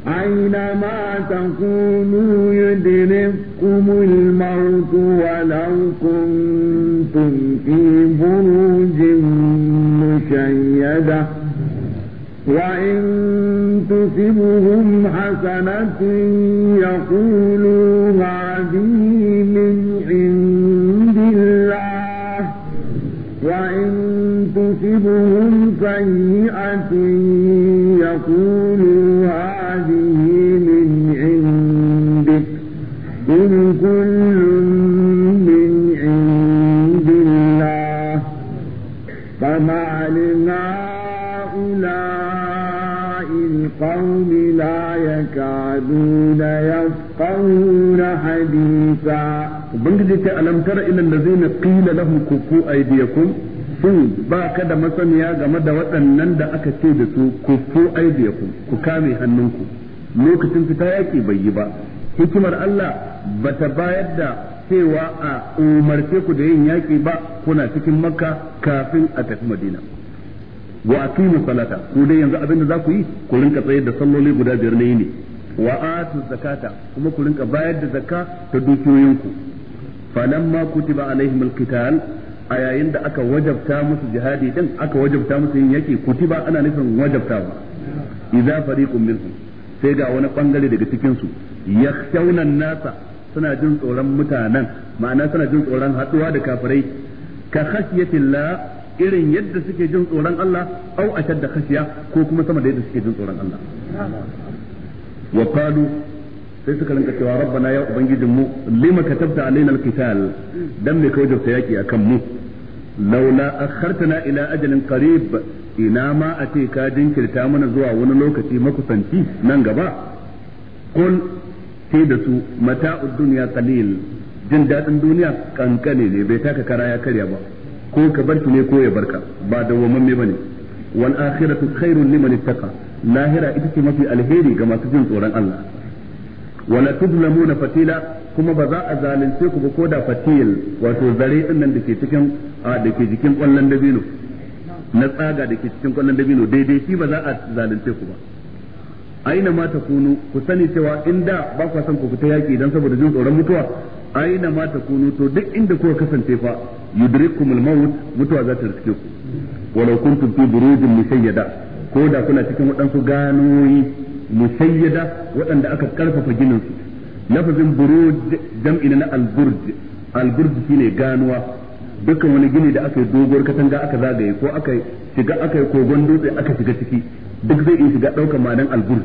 أينما تكونوا يدرككم الموت ولو كنتم في بروج مشيدة وإن تصبهم حسنة يقولوا هذه من عند الله وإن تصبهم سيئة يقولوا القوم لا يكادون يفقهون حديثا وبنجد ألم تر إلى الذين قيل لهم كفوا أيديكم Sun ba ka da masaniya game da waɗannan da aka ce da su ku fu aidiyakum ku kame hannunku lokacin fita yaki bai yi ba hikimar Allah ba ta bayar da cewa a umarce ku da yin yaki ba kuna cikin makka kafin a tafi madina wa aqimu salata ku dai yanzu abin da za ku yi ku rinka tsayar da salloli guda biyar na yini wa atu zakata kuma ku rinka bayar da zakka ta ku falamma kutiba alaihim alqital a yayin da aka wajabta musu jihadi din aka wajabta musu yin yaki kutiba ana nufin wajabtawa idza fariqun minhum sai ga wani bangare daga cikin su yakhshawna nasa suna jin tsoron mutanen ma'ana suna jin tsoron haduwa da kafirai ka khashyatillah irin yadda suke jin tsoron Allah au da khashiya ko kuma sama da yadda suke jin tsoron Allah wa qalu sai suka rinka cewa rabbana ya ubangijin mu lima katabta alaina alqital dan me kawai da yaki akan mu laula akhartana ila ajalin qarib ina ma a ce ka jinkirta mana zuwa wani lokaci makusanci nan gaba kun sai da su mata'ud dunya qalil jin dadin duniya kankane ne bai taka kara ya karya ba ko ka bar ki ne ko ya barka ba da dawwamamme bane wal akhiratu khairun liman ittaqa lahira ita ce mafi alheri ga masu jin tsoron Allah wala tudlamuna fatila kuma ba za a zalunce ku ba ko da fatil wato zare din nan dake cikin da ke jikin kwallon dabino na tsaga da ke cikin kwallon dabino daidai shi ba za a zalunce ku ba aina ma ta kunu ku sani cewa inda ba ku san ku fita yaki dan saboda jin tsoron mutuwa aina ma ta kunu to duk inda kuka kasance fa yudrikum al mutuwa za ta riske ku walau kuntum fi burujin musayyada ko da kuna cikin waɗansu ganoyi musayyada waɗanda aka karfafa ginin su lafazin buruj jam'i na al-burj shine ganuwa dukkan wani gini da aka yi doguwar katanga aka zagaye ko aka shiga aka yi kogon dutse aka shiga ciki duk zai iya shiga ɗauka madan al-burj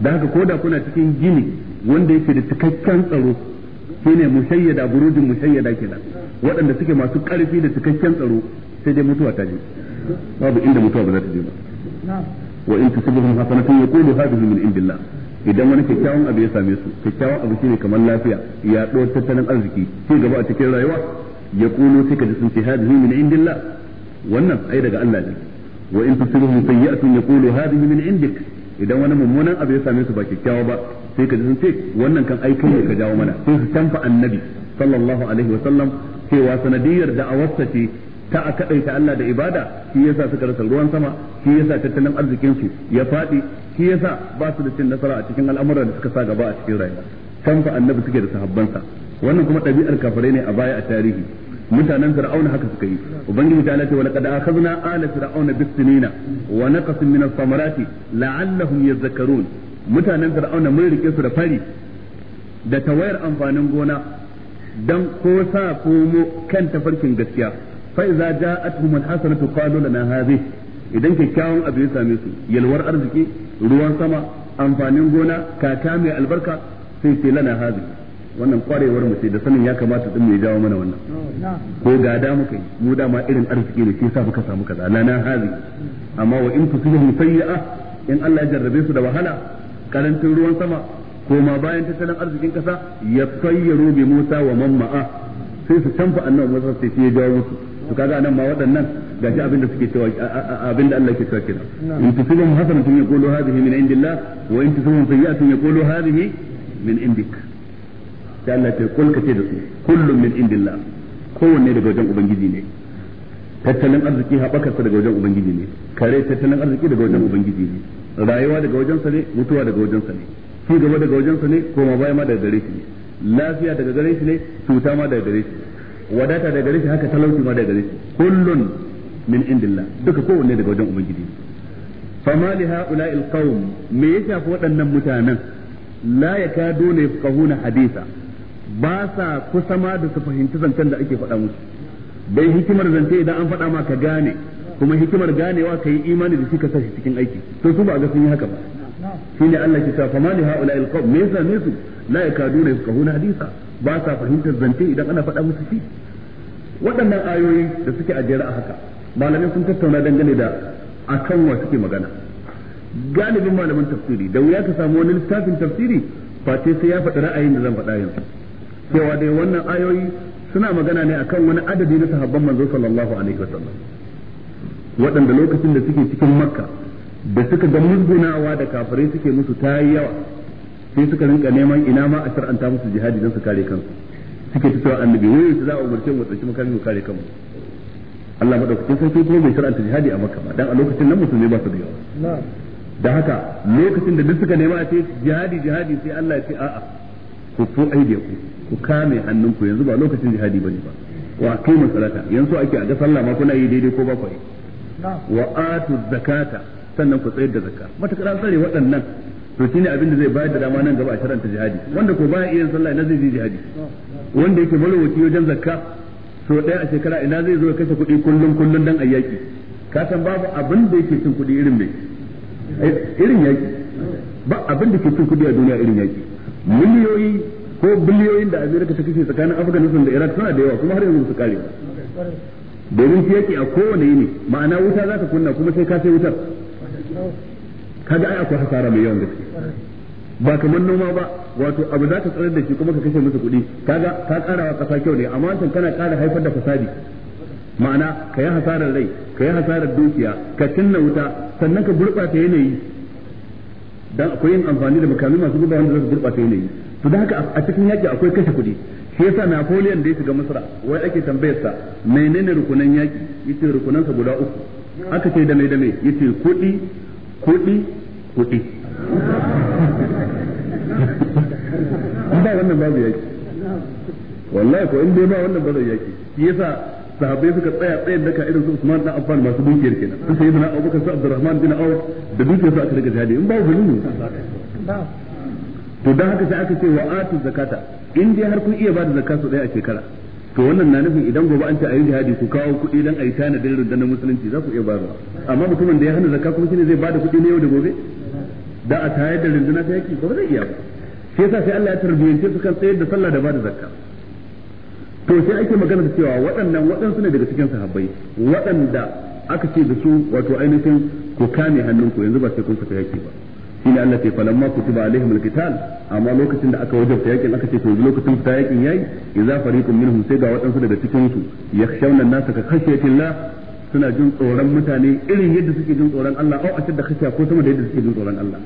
da haka ko da kuna cikin gini wanda yake da cikakken tsaro shine musayyada burujin musayyada kenan waɗanda suke masu ƙarfi da cikakken tsaro sai dai mutuwa ta je babu inda mutuwa ba za ta je ba wa in tusibuhum hasanatun yaqulu hadhihi min indillah idan wani kyakkyawan abu ya same su kyakkyawan abu shine kamar lafiya ya ɗora tattalin arziki ci gaba a cikin rayuwa ya kuno sai ka ji sun ce hadhihi min indillah wannan ai daga Allah ne wa in tusibuhum sayyi'atun yaqulu hadhihi min indik idan wani mummunan abu ya same su ba kyakkyawa ba sai ka ji sun ce wannan kan ai ne ka jawo mana sai su canfa annabi sallallahu alaihi wa sallam cewa sanadiyar da awarsa ce ta a ta Allah da ibada shi yasa suka rasa ruwan sama shi yasa tattalin arzikin su ya fadi shi yasa ba su da cin nasara a cikin al'amuran da suka sa gaba a cikin rayuwa kan fa annabi suke da sahabbansa wannan kuma ɗabi'ar kafirai ne a baya a tarihi mutanen fir'auna haka suka yi ubangiji ta alata wala qad akhadna ala fir'auna bisinina wa naqasin min as-samarati la'allahum yadhakkarun mutanen fir'auna mun rike su da fari da tawayar amfanin gona dan ko sa komo kan tafarkin gaskiya fa iza ja'atuhum alhasanatu qalu lana hadhihi idan kyakkyawan abu ya same su yalwar arziki ruwan sama amfanin gona kaka mai albarka sai sai lana hazi wannan kwarewar mu sai da sanin ya kamata din mai jawo mana wannan oh, ko ga da muka yi mu da ma irin arziki ne sai sa muka samu kaza lana hazi amma wa in tusibu sayyi'a in Allah ya jarrabe su da wahala karantin ruwan sama koma bayan tattalin arzikin kasa ya tsayyaru bi Musa wa man ma'a sai su canfa annabi Musa sai ya jawo musu to kaga anan ma waɗannan ga shi abinda suke cewa abinda Allah ke cewa kenan in tusibum hasanatun yaqulu hadhihi min indillah wa in tusibum sayyi'atun yaqulu hadhihi min indik sai Allah ya kul kace da su kullum min indillah kowanne daga wajen ubangiji ne tattalin arziki haɓakarsa daga wajen ubangiji ne kare tattalin arziki daga wajen ubangiji ne rayuwa daga sa ne mutuwa daga sa ne ci gaba daga wajensa ne koma baya ma daga gare shi lafiya daga gare shi ne cuta ma daga gare shi wadata daga gare shi haka talauci ma daga gare shi kullun min indillah duka kowanne daga wajen ubangiji fama li haula alqaum me ya shafi waɗannan mutanen la yakaduna fahuna hadisa ba sa kusa ma da su fahimci zancen da ake faɗa musu dai hikimar zance idan an faɗa ma ka gane kuma hikimar ganewa ka yi imani da shi ka sashi cikin aiki to su ba ga sun yi haka ba shi ne Allah ke fa mali haula qawm me yasa ne su la yakaduna huna hadisa ba sa fahimtar zance idan ana faɗa musu shi waɗannan ayoyi da suke ajiyar a haka malamai sun tattauna dangane da akan wa suke magana galibin malaman tafsiri da wuya ka samu wani littafin tafsiri face sai ya faɗi ra'ayin da zan faɗa yanzu cewa dai wannan ayoyi suna magana ne akan wani adadi na sahabban manzo sallallahu alaihi wasallam waɗanda lokacin da suke cikin makka da suka ga musgunawa da kafirai suke musu ta yi yawa sai suka rinka neman ina ma a shar'anta musu jihadi don su kare kansu suke ta a annabi wai su za a umarce mu tsaki makami mu kare kanmu Allah madaukakin sarki kuma bai shar'anta jihadi a Makka ba dan a lokacin nan musulmai ba su da yawa da haka lokacin da duk suka nema a ce jihadi jihadi sai Allah ya ce a'a ku fu aidiya ku ku kame hannunku yanzu ba lokacin jihadi bane ba wa kai masalata yanzu ake a ga sallah ma kuna yi daidai ko ba ku yi wa atu zakata sannan ku tsayar da zakka matakar an tsare waɗannan to shine abin da zai bayar da dama nan gaba a sharanta jihadi wanda ko baya iya sallah ina zai je jihadi wanda yake malawaci wajen zakka so ɗaya a shekara ina zai zo ya kashe kuɗi kullum kullum dan ayyaki ka san babu abin da yake cin kuɗi irin mai irin yaki ba abin da ke cin kuɗi a duniya irin yaki miliyoyi ko biliyoyin da Amerika ta kashe tsakanin Afghanistan da Iraq suna da yawa kuma har yanzu su kare domin yaki a kowane yini ma'ana wuta za ka kunna kuma sai ka sai wutar kaga ai akwai hasara mai yawan gaske ba kamar noma ba wato abu za ka da shi kuma ka kashe musu kuɗi kaga ka karawa kasa kyau ne amma wancan kana kara haifar da fasadi ma'ana ka yi hasarar rai ka yi hasarar dukiya ka cinna wuta sannan ka gurɓata yanayi dan akwai yin amfani da makami masu guba wanda za su gurɓata yanayi to da haka a cikin yaki akwai kashe kuɗi shi yasa Napoleon da ya shiga Misra wai ake tambayar sa menene rukunan yaki yace rukunan sa guda uku aka ce da mai da mai kudi kuɗi kuɗi kuɗi ba wannan babu yaki wallahi ko in dai ba wannan ba zai yaki shi yasa sahabbai suka tsaya tsayin daka irin su Usman dan Affan masu dukiyar kenan su sai ibn Abubakar su Abdurrahman bin Auf da dukiyar su aka daga jihadi in ba gulu to dan haka sai aka ce wa atu zakata in dai har kun iya ba da zakka daya a shekara to wannan na nufin idan gobe an ce ayi jihadi ku kawo kuɗi dan ayi tanadin rundunar musulunci za ku iya ba amma mutumin da ya hana zakka kuma shine zai bada kuɗi ne yau da gobe da a tayar da rinduna ta yaki ba zai iya ba shi yasa sai Allah ya tarbiyyance su kan tsayar da sallah da bada zakka to sai ake magana da cewa waɗannan waɗansu ne daga cikin sahabbai waɗanda aka ce da su wato ainihin ku kame hannunku yanzu ba sai kun fita yaki ba shine Allah ce falamma kutiba alaihim alqital amma lokacin da aka wajabta yakin aka ce to lokacin fita yakin yayi idza fariqun minhum sai ga waɗansu daga cikin su yakhshawna an-nasa ka khashyatillah suna jin tsoron mutane irin yadda suke jin tsoron Allah au ashadda khashya ko sama da yadda suke jin tsoron Allah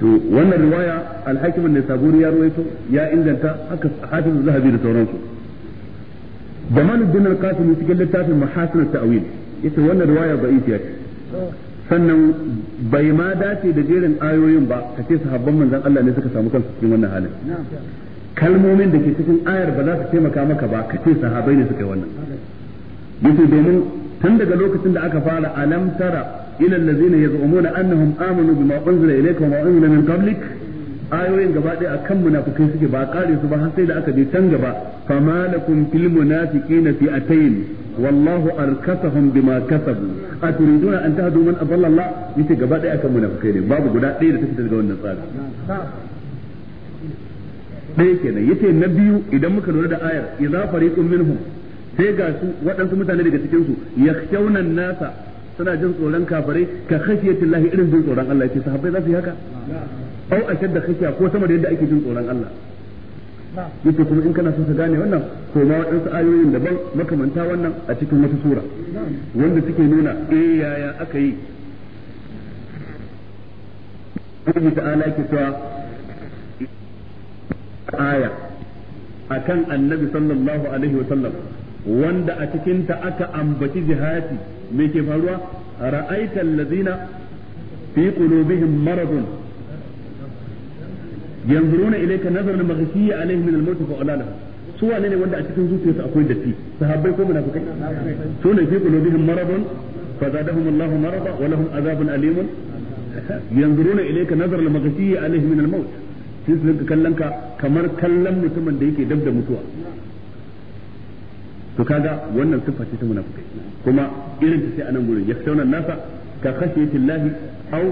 to wannan riwaya al-hakim an-nisaburi ya ruwaito ya inganta haka hafiz zahabi da sauransu jamaluddin al-qasimi cikin littafin mahasin at-ta'wil yace wannan riwaya da'ifiya ce sannan bai ma dace da jerin ayoyin ba ka ce sahabban manzon Allah ne suka samu kansu cikin wannan halin kalmomin da ke cikin ayar ba za su taimaka maka ba ka ce sahabai ne suka yi wannan yace domin tun daga lokacin da aka fara alam tara ila allazina yaz'umuna annahum amanu bima unzila ilayka wa ma unzila min qablik ayoyin gaba ɗaya akan munafikai suke ba kare su ba har sai da aka je can gaba fama lakum fil munafiqina fi atayn wallahu arkasahum bima kasabu aturiduna an tahdu man adalla Allah yace gaba ɗaya akan munafikai ne babu guda ɗaya da take daga wannan tsari ɗaya kenan yace na biyu idan muka lura da ayar idza fariqun minhum sai ga su waɗansu mutane daga cikin su yakhshawna nasa suna jin tsoron kafirai ka khashiyatillahi irin jin tsoron Allah yace sahabbai za su yi haka au da khashya ko sama da yadda ake jin tsoron Allah yake kuma in kana son ka gane wannan ko ma waɗansu ayoyin daban makamanta wannan a cikin wata sura wanda suke nuna eh yaya aka yi Allah ta'ala ke cewa aya akan annabi sallallahu alaihi wa sallam wanda a cikin ta aka ambaci jihati me ke faruwa ra'aita allazina fi qulubihim maradun yanzuruna ilayka nazaral maghsiyyi alayhi min al-maut fa su wane ne wanda a cikin zuciyarsu akwai datti sahabbai ko munafikai su ne fi qulubihim maradun fa zadahum Allahu marada wa lahum azabun alimun yanzuruna ilayka nazaral maghsiyyi alayhi min al-maut sai su rinka kallon ka kamar kallon mutumin da yake dab da mutuwa to kaga wannan siffa ce ta munafikai kuma irin ta sai anan gurin yaktauna nasa ka khashiyati Allah aw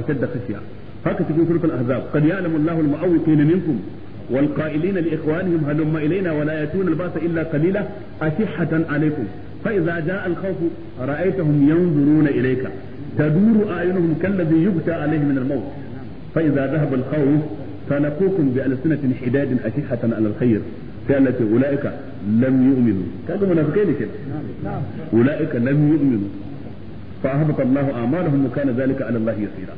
ashadda khashiyah haka cikin surkul ahzab qad ya'lamu Allahu al-mu'awwiqina minkum wal qa'ilina li ikhwanihim halumma ilayna wa la yatuna al-ba'sa illa qalila ashihatan alaykum fa idza ja'a al-khawf ra'aytahum yanzuruna ilayka تدور أعينهم كالذي يغشى عليه من الموت فإذا ذهب الخوف سلكوكم بألسنة حداد أشحة على الخير كانت أولئك لم يؤمنوا كانوا منافقين كده أولئك لم يؤمنوا فأهبط الله أعمالهم وكان ذلك على الله يسيرا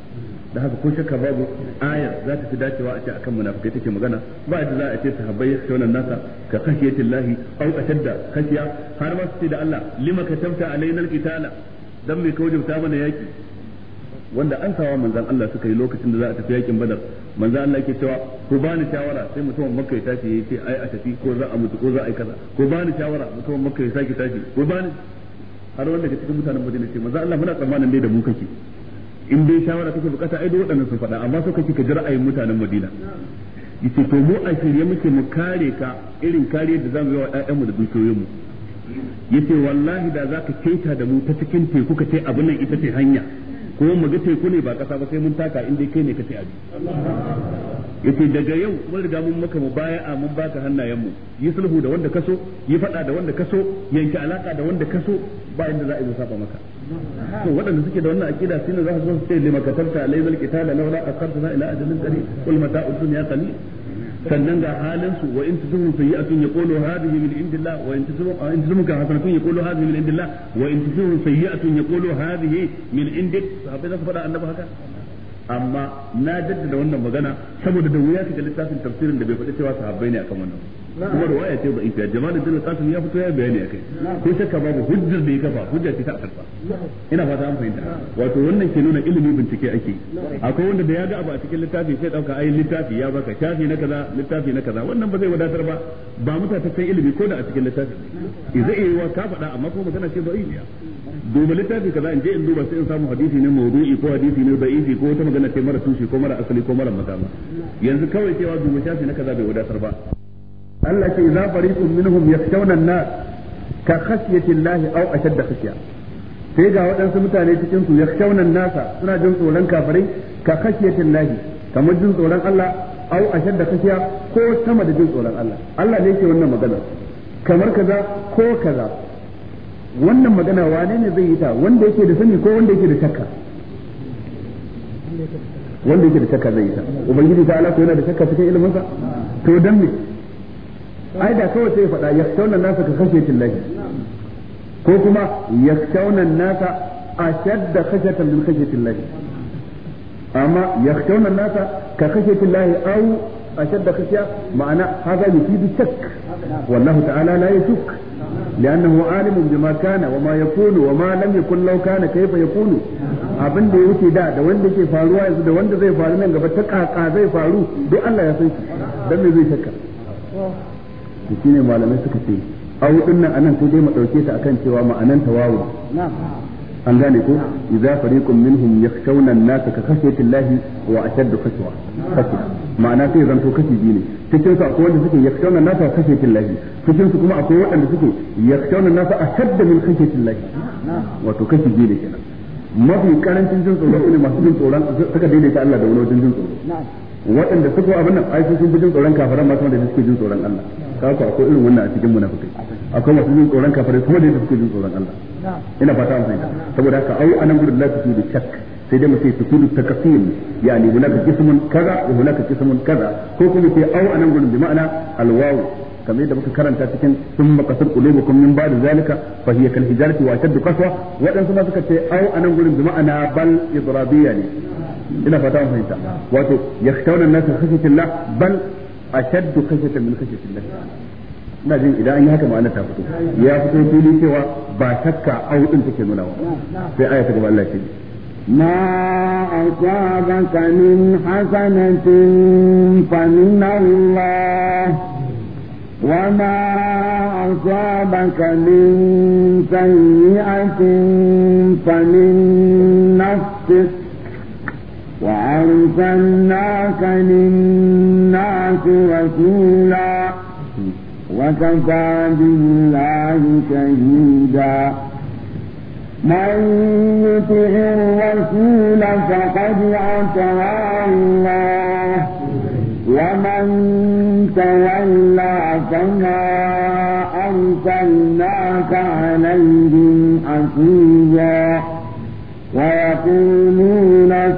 da haka ko shakka babu ayar za ta fi dacewa a ce akan munafikai take magana ba yadda za a ce sahabbai ya taunan nasa ka khashiyati llahi aw ashadda khashiya har ma su ce da Allah lima ka katabta alaina alqitala dan me kaujabta mana yaki wanda an sawa manzan Allah suka yi lokacin da za a tafi yakin Badar manzan Allah yake cewa ko bani shawara sai mutumin Makka ya tashi ya ce ai a tafi ko za a mutu ko za a yi kaza ko bani shawara mutumin Makka ya sake tashi ko bani har wanda ke cikin mutanen Madina ce manzan Allah muna tsammanin dai da mu kake in dai shawara kake bukata ai waɗannan sun faɗa amma suka ka jira ra'ayin mutanen Madina yace to mu a shirye muke mu kare ka irin kariyar da zamu yi wa ƴaƴanmu da dukiyoyin mu yace wallahi da zaka keta da mu ta cikin teku ka ce abin nan ita ce hanya ko mu ga teku ne ba kasa ba sai mun taka in dai kai ne ka ce abi yace daga yau mun riga mun maka mu baya a mun baka hannayen mu yi sulhu da wanda kaso yi fada da wanda kaso yanke alaka da wanda kaso ba inda za a yi saba maka to waɗanda suke da wannan akida shine za su zo su ce lima kafarta alaizal qitala laula akhartana ila ajalin qarib qul mata'ud dunya qalil sannan ga halin su wa in tusibu sayyi'atun yaqulu hadhihi min indillah wa in tusibu ah, in tusibuka hasanatun yaqulu hadhihi min indillah wa in tusibu sayyi'atun yaqulu hadhihi min indik sahabbai za su faɗa annabi haka amma na jaddada wannan magana saboda da wuya kaga littafin tafsirin da bai faɗi cewa sahabbai ne akan wannan kuma riwaya ce jama'a da qasim ya fito ya bayani akai ko shakka babu hujjar da ya kafa hujja ce ta akarfa ina fata an fahimta wato wannan ke nuna ilimi bincike ake akwai wanda da ya ga abu a cikin littafi sai dauka ai littafi ya baka shafi na kaza littafi na kaza wannan ba zai wadatar ba ba ta kai ilimi ko da a cikin littafi zai iya wa ka faɗa amma kuma magana ce ne duba littafi kaza in je in duba sai in samu hadisi ne mawdu'i ko hadisi ne da'ifi ko wata magana ce mara tushe ko mara asali ko mara makama yanzu kawai cewa duba shafi na kaza bai wadatar ba Allah ce za fariqun minhum yakhshawna an-nas ka khashyati Allah aw ashadda khashya sai ga waɗansu mutane cikin su yakhshawna an-nasa suna jin tsoron kafirai ka khashyati Allah kamar jin tsoron Allah aw ashadda khashya ko sama da jin tsoron Allah Allah ne yake wannan magana kamar kaza ko kaza wannan magana wane ne zai yi ta wanda yake da sani ko wanda yake da shakka wanda yake da shakka zai yi ta ubangiji ta Allah ko yana da shakka cikin ilimin to dan me ai da kawai sai faɗa yakshawna nasa ka kashe tillahi ko kuma yakshawna nasa ashadda khashyatan min khashyati llahi amma yakshawna nasa ka khashyati llahi au ashadda khashya ma'ana hada yufidu shakk wallahu ta'ala la yashuk لأنه عالم بما كان وما يكون وما لم يكن لو كان كيف يكون abin da ya wuce da da wanda ke faruwa yanzu da wanda zai faru nan gaba ta kaka zai faru duk Allah ya san shi dan me zai shakka to shine malamai suka ce au din nan anan sai dai mu dauke ta akan cewa ma'anan tawawu an gane ko idza fariqun minhum yakhshawna an-nasa ka khashyati Allah wa ashaddu khashwa kashi ma'ana sai zanto kashi biyu ne cikin su akwai wanda suke yakhshawna an-nasa ka khashyati cikin su kuma akwai wanda suke yakhshawna an-nasa ashaddu min khashyati wato kashi biyu ne kenan mafi karancin jin tsoro ne masu jin tsoron suka daidaita Allah da wani wajen jin tsoro waɗanda suka abin nan ai sun jin tsoron kafaran ma sama da suke jin tsoron Allah ka ko akwai irin wannan a cikin munafikai akwai masu jin tsoron kafarai kuma da suke jin tsoron Allah ina fata an fahimta saboda haka ai anan gurin la da cak sai dai mu ce tudu takasim yani hunaka qismun kaza wa hunaka qismun kaza ko kuma sai au anan gurin bi ma'ana alwawu kamar yadda muka karanta cikin sun makasar qulubukum min ba da zalika fa hiya kal hijarati wa ashaddu qaswa wadansu ma suka ce au anan gurin bi ma'ana bal idrabiya ne ina fata mu fahimta wato yakhtawna an-nasa la bal ashaddu khashyatan min khashyatillah ina jin idan an yi haka ma'anar ta fito ya fito fili cewa ba shakka audin take nuna wa sai aya ta gaba Allah ce ما أصابك من حسنة فمن الله وما أصابك من سيئة فمن نفسك وأرسلناك للناس رسولا وكفى بالله شهيدا من يطع الرسول فقد عصى الله ومن تولى فما أرسلناك عليهم حفيظا ويقولون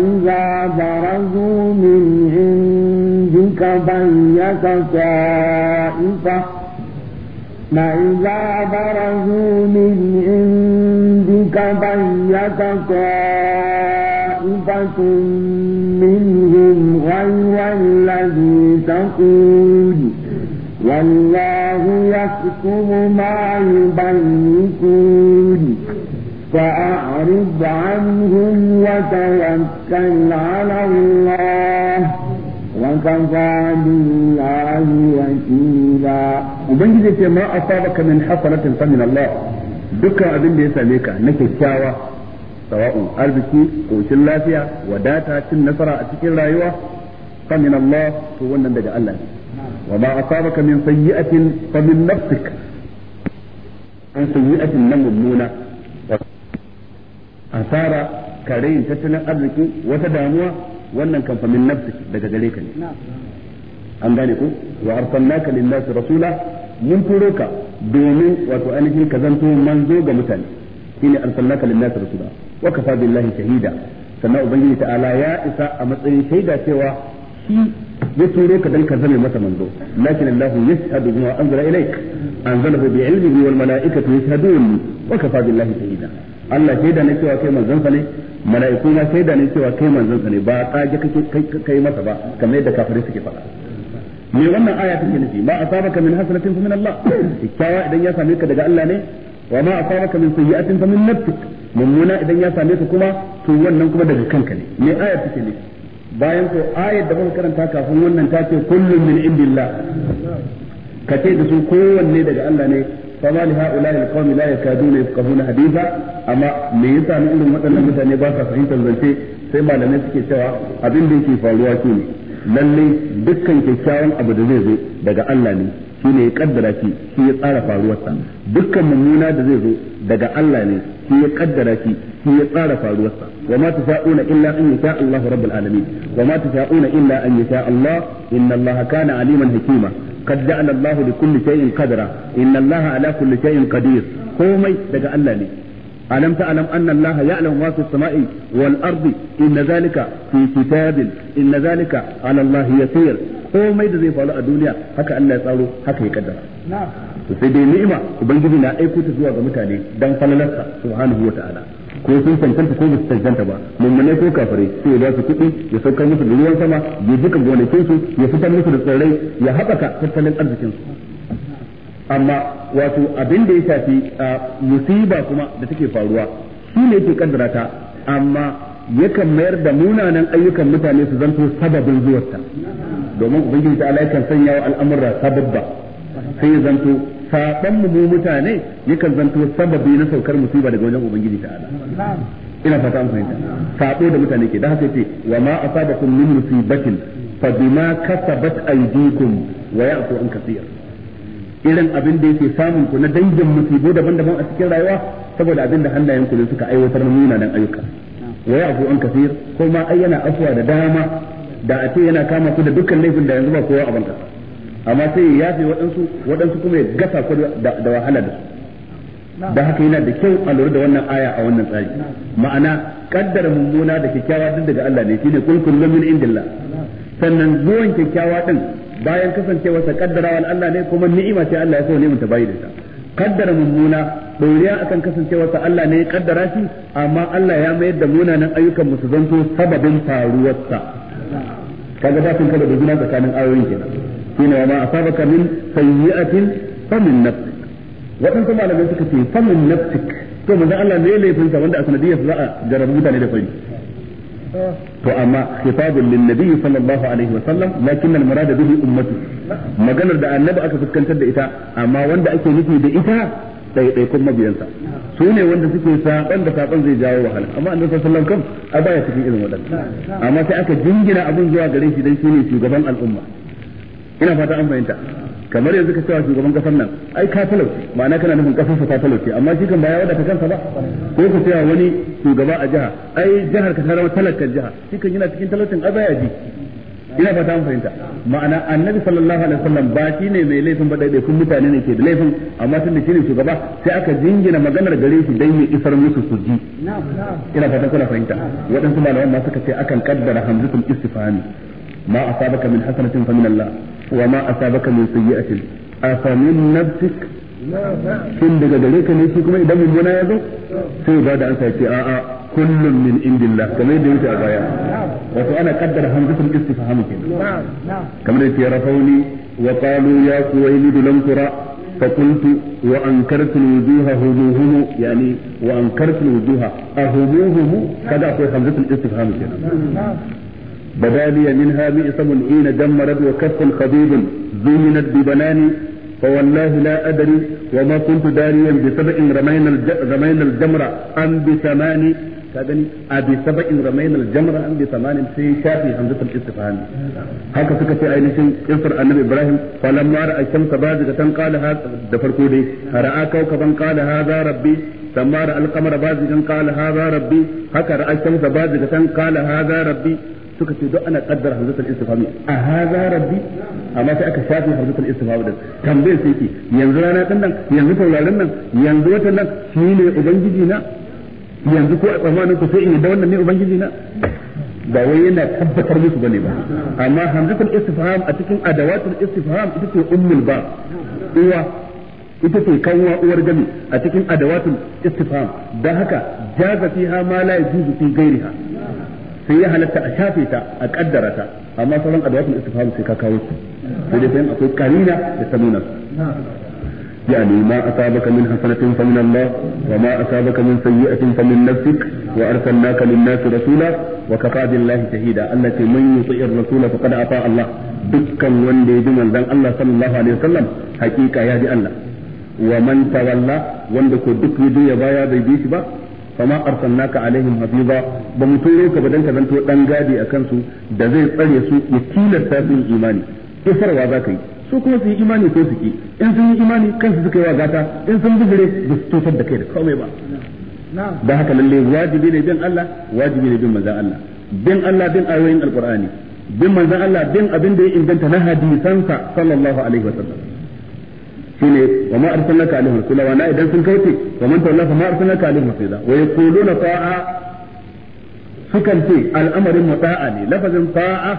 فإذا برزوا من عندك بيت طائفة فإذا برزوا من عندك بيت طائفة منهم غير الذي تقول والله يحكم ما يبيتون فأعرض عنهم وتوكل على الله وكفى بالله وكيلا وبنجد ما أصابك من حسنة فمن الله dukkan abin ya same ka na kyakkyawa sawa'un arziki koshin lafiya wadata cin nasara a cikin rayuwa famin Allah to wannan daga Allah wa ma asabaka min sayyi'atin famin nafsik an nan mummuna asara karayin tattalin arziki wata damuwa wannan kan famin nafsi daga gare ka ne an gane ku wa arsalnaka lin-nasi rasula mun turo ka domin wato ainihin ka zanto manzo ga mutane shine arsalnaka lin-nasi rasula wa kafa billahi shahida sannan ubangiji ta'ala ya isa a matsayin shaida cewa shi ya turo ka dan ka zame masa manzo lakin Allah yashhadu bima anzala ilayk anzalahu bi ilmihi wal malaikatu yashhadun wa kafa billahi shahida Allah shaida ne cewa kai manzon sa ne mala'iku na shaida ne cewa kai manzon sa ne ba tsage kake kai masa ba kamar yadda kafirai suke faɗa me wannan aya take nufi ma asabaka min hasanatin fa min Allah kikkiawa idan ya same ka daga Allah ne wa ma asabaka min sayyi'atin fa min nafsik mummuna idan ya same ka kuma to wannan kuma daga kanka ne me aya take nufi bayan ko ayar da muka karanta kafin wannan ta ce kullum min indillah ka ce da su kowanne daga Allah ne فما لهؤلاء القوم لا يكادون يفقهون حديثا اما me yasa ni irin waɗannan mutane ba sa fahimtar zance sai malamai suke cewa abin da yake faruwa shine lalle dukkan kyakkyawan abu da zai zo daga Allah ne shine ya kaddara shi shi ya tsara faruwar faruwarsa dukkan mummuna da zai zo daga Allah ne shi ya kaddara shi shi ya tsara faruwar faruwarsa wa ma tafa'una illa an yasha Allahu rabbul alamin wa ma tafa'una illa an yasha Allah inna Allaha kana aliman hakima qad ja'ala Allah li kulli shay'in qadra inna Allah ala daga Allah ne alam ta'lam anna Allah samai wal ardi inna zalika fi kitabin inna zalika ala da zai faru a duniya haka Allah ya tsaro haka ya kaddara sai dai ni'ima ubangiji na aiko ta zuwa ga mutane dan falalarsa subhanahu ko sun cancanta ko su cancanta ba mummune ko kafare sai ya ba su kuɗi ya saukar musu da ruwan sama ya duka gonakin su ya fitar musu da tsirrai ya haɓaka tattalin arzikin su amma wato abin da ya shafi musiba kuma da take faruwa shi ne yake kaddara ta amma yakan mayar da munanan ayyukan mutane su zanto sababin zuwarta domin ubangiji ta Allah yakan sanya wa al'amura sababba sai ya zanto saban mu mu mutane yakan zanto sababi na saukar musiba daga wajen ubangiji ta'ala ina fata an fahimta sabo da mutane ke da haka yace wa ma asabakum min musibatin fa bima kasabat aydikum wa ya'fu an kaseer irin abin da yake samun ku na dangin musibo daban-daban a cikin rayuwa saboda abin da hannayen ku ne suka aiwatar na munanan ayyuka wa ya'fu an kaseer ko ma ai yana afwa da dama da a ce yana kama ku da dukkan laifin da yanzu ba kowa a banka amma sai ya yafe waɗansu waɗansu kuma ya gasa ku da wahala da su da haka yana da kyau a lura da wannan aya a wannan tsari ma'ana kaddara mummuna da kyakkyawa din daga Allah ne shine kul kullu min indillah sannan zuwan kyakkyawa din bayan kasancewa sa kaddarawa Allah ne kuma ni'ima ce Allah ya so ne ta bayi da ta kaddara mummuna doriya akan kasancewa sa Allah ne ya kaddara shi amma Allah ya mayar da munanan ayyukan mu zanto sababin faruwar sa kaga ba kun kada da juna tsakanin ayoyin kenan shine wa ma asabaka min sayyi'atin famin nafsik waɗansu malamai suka ce famin nafsik to manzo Allah ne laifin sa wanda a sanadiyar za a jarabi mutane da fari to amma khitabun lin nabi sallallahu alaihi wa sallam lakin al murad bihi ummatu maganar da annabi aka fuskantar da ita amma wanda ake nufi da ita ɗaiɗaikun mabiyansa su ne wanda suke saɓan da saɓan zai jawo wahala amma annabi sallallahu alaihi wa sallam kan a baya cikin irin waɗannan amma sai aka jingina abin zuwa gare shi dan shine shugaban al'umma ina fata an fahimta kamar yanzu ka cewa shugaban kasar nan ai ka talauce ma'ana kana nufin kasar ta talauce amma shi kan baya wada ta kansa ba ko ka cewa wani shugaba a jiha ai jihar ka ta zama talakar jiha shi kan yana cikin talaucin azaya ji ina fata an fahimta ma'ana annabi sallallahu alaihi wasallam ba shi ne mai laifin ba dai kun mutane ne ke da laifin amma tun da ne shugaba sai aka jingina maganar gare shi dan ya isar musu su ji ina fata kuna fahimta waɗansu malaman ma suka ce akan kaddara hamzatul istifhami ma asabaka min hasanatin fa min Allah wa ma asabaka min sayyi'atin afamin nafsik shin daga gare ka ne shi kuma idan mummuna ya zo sai ba an ce a'a kullum min indillah kamar yadda yake a baya wasu ana kaddara hamzatul istifham kama da yadda ya ya kuwaylid lam tura فقلت وانكرت الوجوه هموهم يعني وانكرت الوجوه اهموهم كذا اكو همزه الاستفهام كده بدا لي منها بئس حين دمرت وكف خبيب زينت ببناني فوالله لا أدري وما كنت داريا بسبع رمينا رمينا الجمرة أم بثمان كذني أبي آه، سبع رمينا الجمرة أم بثمان في شافي همزة الاستفهام هكذا سكت أي شيء يصر النبي إبراهيم فلما رأى الشمس بازغة قال هذا دفر كودي رأى كوكبا قال هذا ربي ثم رأى القمر بازغا قال هذا ربي هكذا رأى الشمس بازغة قال هذا ربي suka ce don ana kaddara hamzatul istifhami a haza rabbi amma sai aka shafe hamzatul istifhami din tambayar sai ke yanzu rana din nan yanzu taurarin nan yanzu watan nan shi ne ubangiji na yanzu ko a tsammanin ku sai in da wannan ne ubangiji na ba wai yana tabbatar musu bane ba amma hamzatul istifham a cikin adawatul istifham ita ce ummul ba uwa ita ce kanwa uwar gami a cikin adawatul istifham dan haka jaza fiha ma la yajuzu fi ghairiha sai ya halatta a shafe ta a kaddara ta amma sauran adawatul istifham sai ka kawo su sai dai akwai karina da sanuna يعني ما أصابك من حسنة فمن الله وما أصابك من سيئة فمن نفسك وأرسلناك للناس رسولا وكفى بالله شهيدا التي من يطيع الرسول فقد أطاع الله دكا وندي جمل دان الله صلى الله عليه وسلم حقيقة يا دي الله ومن تولى وندك دك يدو يبايا بيبيش با fama arsalnaka alaihim Habiba ba mu turo ka badan ka zanto dan gadi a kansu da zai tsare su ya tilasta su imani isarwa za ka yi su kuma su yi imani ko su sun yi imani kansu suka yi wa gata in sun bugure ba su tosar da kai da komai ba da haka lalle wajibi ne bin Allah wajibi ne bin manzon Allah bin Allah bin ayoyin alqur'ani bin manzon Allah bin abin da ya inganta na hadisansa sallallahu alaihi wasallam shine wa ma arsalnaka alaihim rasula wa na idan sun kauce wa man tawalla fa ma arsalnaka alaihim rasula wa yaquluna ta'a sukan ce al'amarin muta'a ne lafazin ta'a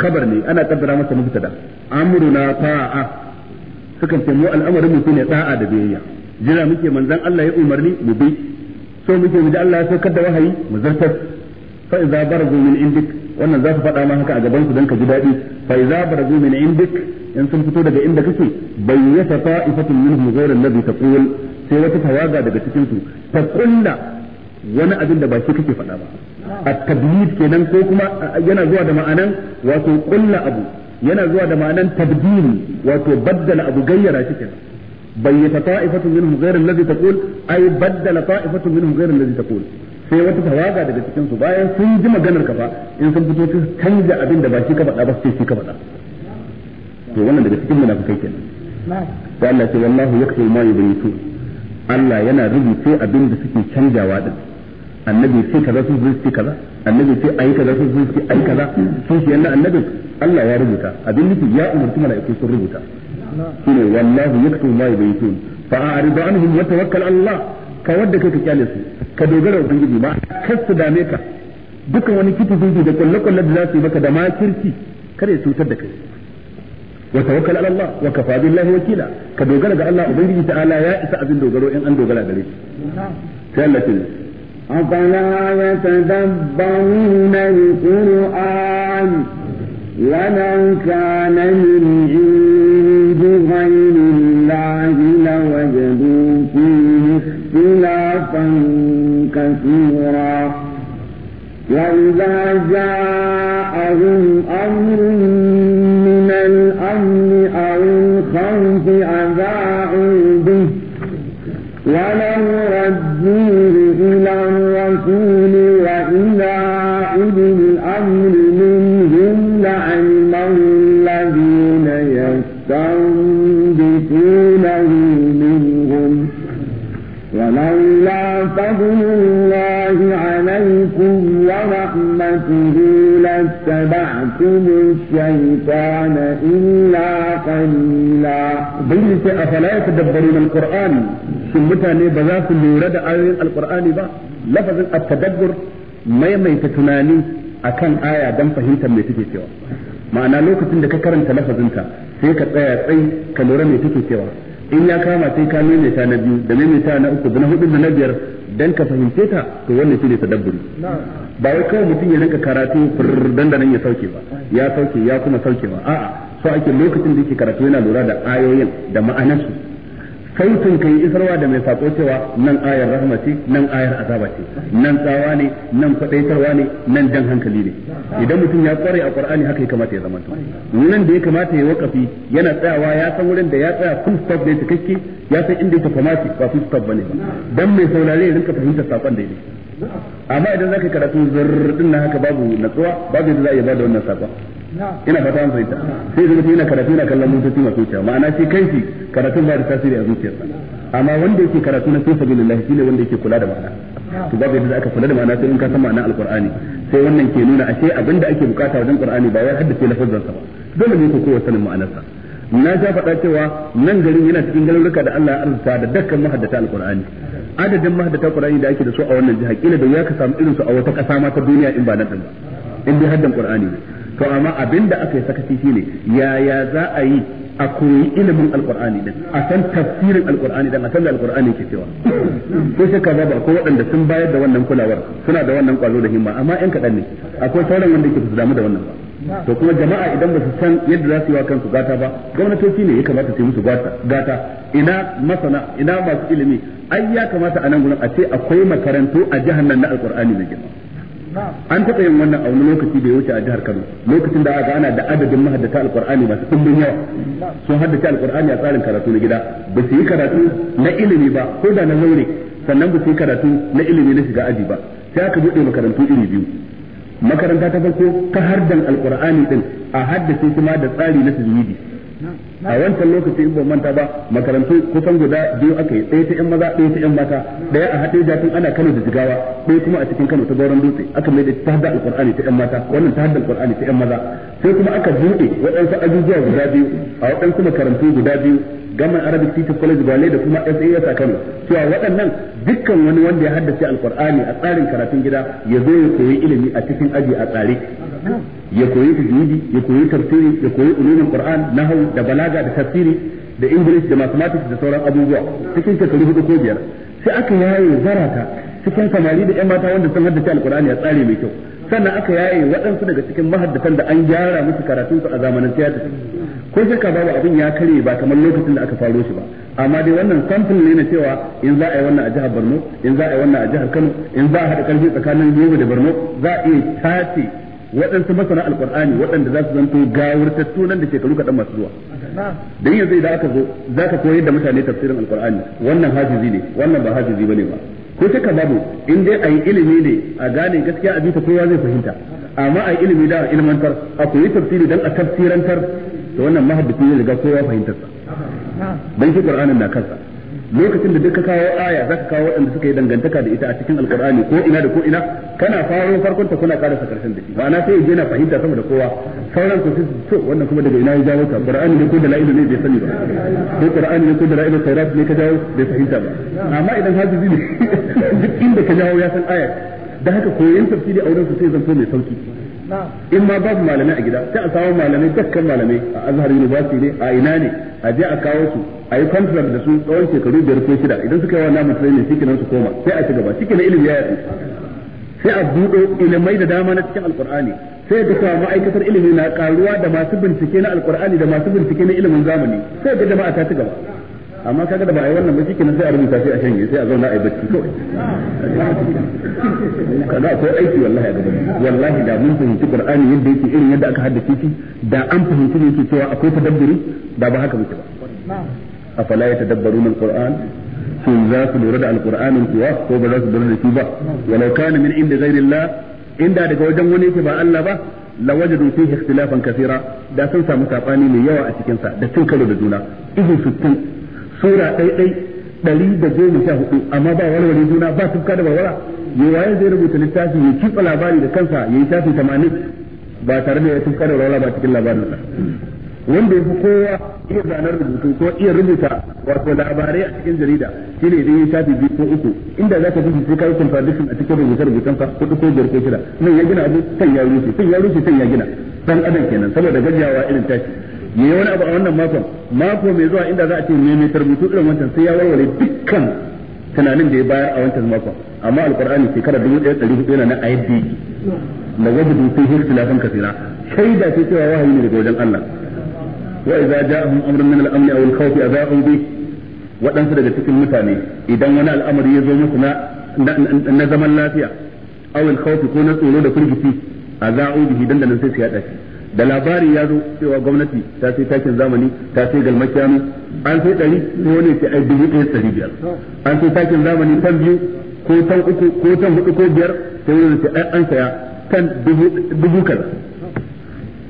khabar ne ana kaddara masa mubtada amruna ta'a sukan ce mu al'amarin mu shine ta'a da biyayya jira muke manzon Allah ya umarni mu bi so muke mu da Allah ya saukar da wahayi mu zartar fa idza barazu min indik wannan za su faɗa ma haka a gaban su dan ka ji daɗi fa idza barazu min indik in sun fito daga inda kake ifatun ta'ifatun minhum ghayra ta taqul sai wata tawaga daga cikin su ta kulla wani abin da ba shi kake faɗa ba at-tablid kenan ko kuma yana zuwa da ma'anan wato kulla abu yana zuwa da ma'anan tabdil wato baddala abu gayyara shi kenan ifatun ta'ifatun minhum ghayra ta taqul Ai baddala ifatun ta'ifatun minhum ghayra ta taqul sai wata tawaga daga cikin su bayan sun ji maganar ka ba in sun fito su canja abin da ba shi ka faɗa ba sai shi ka faɗa to wannan daga cikin munafikai kenan sai Allah ce wallahu yaktubu ma yubayyitu Allah yana rubuce abin da suke canjawa din annabi sai kaza sun sai kaza annabi sai ayi kaza sun sai ayi kaza sun shi yana annabi Allah ya rubuta abin nufi ya umarci mala'iku sun rubuta shine wallahu yaktubu ma yubayyitu fa a'rid anhum wa tawakkal Allah ka wadda kai ka kyale su ka dogara ga ubangiji ba kar su dame ka dukkan wani kiti da kullakullan da za su yi maka da ma kirki kare cutar da kai وتوكل على الله وكفى بالله وكيلا كدوغلا قال الله ابن جيت على يا اسا ابن دوغلو ان ان دوغلا قال لك افلا يتدبرون القران ومن كان من عند غير الله لوجدوا فيه اختلافا كثيرا واذا جاءهم امر الأمن أو الخوف أذاعوا به ولو ردوه إلى الرسول وإلى أولي الأمر منهم لعلمه الذين يستنبطونه منهم ولولا فضل الله عليكم ورحمته اتبعتم الشيطان إلا قليلا بيجي أفلا يتدبرون القرآن ثم متاني بذات لورد آية القرآن با لفظ التدبر ما يميت تناني أكان آية دم فهمت من تجي ma'ana lokacin da ka karanta تلفظ انت ka آية tsayi ka lura in ya kama sai ka maimaita na biyu da maimaita na uku da na hudu da na biyar dan ka fahimce ta to wannan shine tadabburi ba wai kawai mutum ya rinka karatu dan da nan ya sauke ba ya sauke ya kuma sauke ba a'a so ake lokacin da yake karatu yana lura da ayoyin da ma'anarsu kai sautin kai isarwa da mai sako cewa nan ayar rahama ce nan ayar azaba ce nan tsawa ne nan kwadaitarwa ne nan dan hankali ne idan mutum ya kware a qur'ani haka ya kamata ya zama nan da ya kamata ya wakafi yana tsayawa ya san wurin da ya tsaya full stop ne cikakke ya san inda yake kamata ba full stop bane dan mai saurare ya rinka fahimtar sakon da yake amma idan zaka karatu zurr din haka babu natsuwa babu yadda za a yi ba da wannan sakon ina fata an fahimta sai zama yana karatu yana kallon motoci masu wuce ma'ana shi kanshi karatun ba da tasiri a zuciyarsa amma wanda yake karatu na fi shi shine wanda yake kula da ma'ana to babu yadda aka kula da ma'ana sai in ka san ma'anar alqur'ani sai wannan ke nuna ashe abin da ake bukata wajen qur'ani ba wai haddace lafazzansa ba dole ne ko kowa sanin ma'anarsa na ja faɗa cewa nan garin yana cikin garuruka da Allah ya arzuta da dukkan mahaddata alqur'ani adadin mahaddata alqur'ani da ake da su a wannan jiha kila da ya ka samu irin su a wata ƙasa ma ta duniya in ba nan ba in dai haddan qur'ani ne to amma abin da aka yi sakaci shine yaya za a yi a koyi ilimin alkur'ani din a san tafsirin alkur'ani din a san da alkur'ani ke cewa ko kaza ba ko waɗanda sun bayar da wannan kulawar suna da wannan kwazo da himma amma ɗan kaɗan ne akwai sauran wanda ke su damu da wannan ba to kuma jama'a idan ba su san yadda za su yi wa kansu gata ba gwamnatoci ne ya kamata su yi musu gata ina masana ina masu ilimi ai ya kamata a nan gurin a ce akwai makarantu a jihar nan na alkur'ani na girma an taɓa yin wannan a wani lokaci da ya wuce a jihar Kano lokacin da aka gana da adadin mahaddata Alƙur'ani masu ɗumbin yawa sun haddace Alƙur'ani a tsarin karatu na gida ba su yi karatu na ilimi ba ko da na zaure sannan ba su yi karatu na ilimi na shiga aji ba sai aka buɗe makarantu iri biyu makaranta ta farko ta hardan Alƙur'ani ɗin a haddace kuma da tsari na tajwidi a wancan lokaci in ban manta ba makarantu kusan guda biyu aka yi ɗaya ta yan maza ɗaya ta yan mata ɗaya a haɗe jatun ana Kano da Jigawa ɗaya kuma a cikin Kano ta Gauran Dutse aka mai da ta hadda alƙur'ani ta yan mata wannan ta hadda alƙur'ani ta yan maza sai kuma aka buɗe waɗansu ajujuwa guda biyu a waɗansu makarantu guda biyu gama Arabic Teachers College Gwale da kuma SAS a Kano cewa waɗannan dukkan wani wanda ya haddace alƙur'ani a tsarin karatun gida ya zo ya koyi ilimi a cikin aji a tsare ya koyi tajwidi ya koyi tafsiri ya koyi ulumin qur'an nahwu da balaga da tafsiri da english da mathematics da sauran abubuwa cikin shekaru hudu ko biyar sai aka yaye zarata cikin samari da yan mata wanda sun haddace alqur'ani a tsare mai kyau sannan aka yaye waɗansu daga cikin mahaddatan da an gyara musu su a zamanin tiyata ko shakka babu abin ya kare ba kamar lokacin da aka faro shi ba amma dai wannan sample ne na cewa in za a yi wannan a jihar Borno in za a yi wannan a jihar Kano in za a haɗa ƙarfi tsakanin Yobe da Borno za a iya tace waɗansu masana alkur'ani waɗanda za su zanto gawurtattu nan da shekaru kaɗan masu zuwa don yanzu idan aka zo za ka koyar da mutane tafsirin alkur'ani wannan hafizi ne wannan ba hafizi bane ba ko shakka babu in dai a yi ilimi ne a gane gaskiya a ta kowa zai fahimta amma a yi ilimi da a ilmantar a koyi tafsiri dan a tafsirantar to wannan mahaddisi ne riga kowa fahimtarsa dan shi na kansa lokacin da duka kawo aya zaka kawo waɗanda suka yi dangantaka da ita a cikin alkur'ani ko ina da ko ina kana faro farkon ta kuna karasa karshen da shi ma'ana sai yaje na fahimta sama da kowa sauran ku sai to wannan kuma daga ina ya jawo ta qur'ani ne ko da la'ilu ne bai sani ba ko qur'ani ne ko da la'ilu tayrat ne ka jawo bai fahimta ba amma idan hajibi ne duk inda ka jawo ya san aya da haka koyon tafsiri a wurin su sai zanto mai sauki in ma babu malamai a gida sai a samu malamai dukkan malamai a azhar university ne a ina ne a je a kawo su a yi contract da su tsawon shekaru biyar ko shida idan suka yi wannan mutum ne shi kenan su koma sai a ci gaba shi kenan ilimi ya yi sai a buɗo ilimai da dama na cikin alkur'ani sai ga cewa ma'aikatar ilimi na karuwa da masu bincike na alkur'ani da masu bincike na ilimin zamani sai ga jama'a ta ci gaba amma kaga da ba a yi wannan ba shikenan sai a rubuta sai a shanye sai a zauna a yi bacci kawai kaga akwai aiki wallahi a gaban wallahi da mun fahimci qur'ani yadda yake irin yadda aka haddace shi da an fahimci ne yake cewa akwai tadabburi da ba haka muke ba a fala ya afala min qur'an shin za su lura da alqur'anin kuwa ko ba za su lura da shi ba walau kana min inda ghairillah inda daga wajen wani yake ba Allah ba lawajadu fihi ikhtilafan kathira da sun samu sabani mai yawa a cikin sa da cin karo da juna ihu sittin sura ɗaiɗai ɗari da goma sha hudu amma ba warware juna ba tufka da bawara ya waye zai rubuta littafi ya kitsa labari da kansa ya yi tafi tamanin ba tare da ya tufka da warwara ba cikin labarin sa wanda ya fi kowa iya zanen rubutu ko iya rubuta wato labarai a cikin jarida shi ne idan ya shafi biyu ko uku inda za ka fi sai ka yi contradiction a cikin rubuce rubutan ka kudu ko biyar ko shida nan ya gina abu sai ya rushe sai ya rushe sai ya gina dan adam kenan saboda gajiyawa irin tashi mu yi wani abu a wannan makon mako mai zuwa inda za a ce me mai tarbutu irin wancan sai ya warware dukkan tunanin da ya bayar a wancan makon amma alqur'ani shekara 1400 yana na ayyadi yake da wajdu fi ikhtilafan kathira shaida ce cewa wahayi ne daga wajen Allah wa idza ja'ahum amrun min al-amn aw al-khawf adha'u bi waɗansu daga cikin mutane idan wani al'amari ya zo musu na zaman lafiya aw al ko na tsoro da a adha'u bihi dandanan sai su yada shi da labari ya zo cewa gwamnati ta sai takin zamani ta sai galmakiyami an sai ɗari ne wani ce ai dubu ɗaya ɗari biyar an sai takin zamani tan biyu ko tan uku ko tan hudu ko biyar sai wani ce ai an saya kan dubu kaza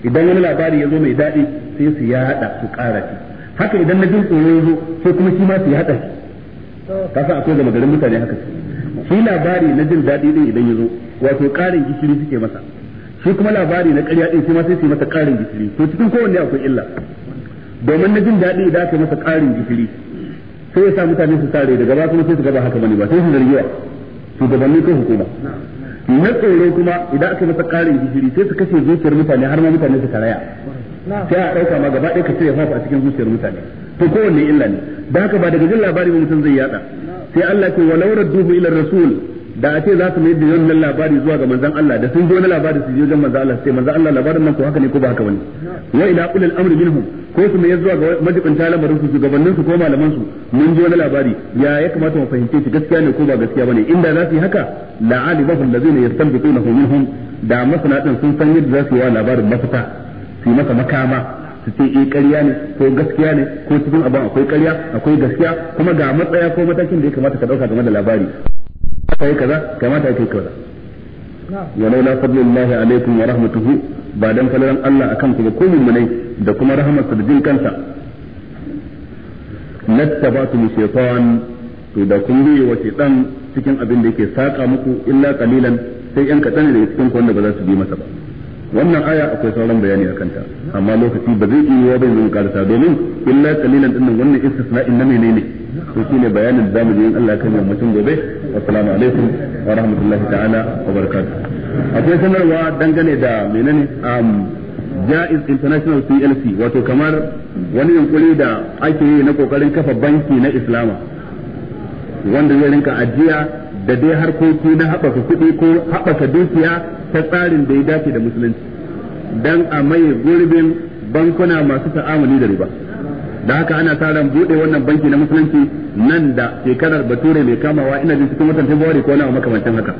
idan wani labari ya zo mai daɗi sai su ya haɗa su ƙara shi haka idan na jin tsoro ya zo sai kuma shi ma su ya haɗa shi san akwai gama garin mutane haka shi labari na jin daɗi ɗin idan ya zo wato ƙarin gishiri suke masa shi kuma labari na ƙarya ɗin shi ma sai su masa ƙarin gishiri to cikin kowanne akwai illa domin na jin daɗi idan aka masa ƙarin gishiri sai ya sa mutane su sare daga ba kuma sai su gaba haka bane ba sai su zargiwa shugabanni ko hukuma na tsoro kuma idan aka masa ƙarin gishiri sai su kashe zuciyar mutane har ma mutane su karaya sai a ɗauka ma gaba ɗaya ka cire fafa a cikin zuciyar mutane to kowanne illa ne da haka ba daga jin labari ba mutum zai yada sai Allah ke walau radduhu ila rasul da a ce za su mai da wannan labari zuwa ga manzon Allah da sun ji wani labari su je wajen manzon Allah sai manzon Allah labarin nan ko haka ne ko ba haka bane wa ila qul amri minhum ko su mai zuwa ga majibin talamarin su gabanin su ko malaman su mun ji wani labari ya ya kamata mu fahimce shi gaskiya ne ko ba gaskiya bane inda za su yi haka la alibahu allazina yastanbitunahu minhum da masana din sun san yadda za su yi wa labarin mafita su masa makama su ce eh ƙarya ne ko gaskiya ne ko cikin abin akwai ƙarya akwai gaskiya kuma ga matsaya ko matakin da ya kamata ka ɗauka game da labari kai kaza kamata ake kaza walau la fadlillahi alaikum wa rahmatuhu ba dan falalan Allah akan ku ba ko ne da kuma rahmatsa da jin kansa lattabatu shaytan to da kun yi wace dan cikin abin da yake saka muku illa qalilan sai yan kadan da cikin ku wanda ba za su bi masa ba wannan aya akwai sauran bayani akan ta amma lokaci ba zai iya ba zai karasa domin illa qalilan din wannan istisna inna menene to shine bayanin da zamu yi in Allah kan mutum gobe assalamu alaikum wa rahmatullahi ta'ala wa barakatuh akwai sanarwa dangane da menene um, jaiz international plc wato kamar wani yunƙuri da ake yi na kokarin kafa banki na islama wanda zai rinka ajiya da dai harkoki na haɓaka kuɗi ko haɓaka dukiya ta tsarin da ya dace da musulunci dan a mai gurbin bankuna masu ta'amuli da riba da haka ana sa ran bude wannan banki na musulunci nan da shekarar bature mai kamawa ina jin cikin watan February ko na makamancin haka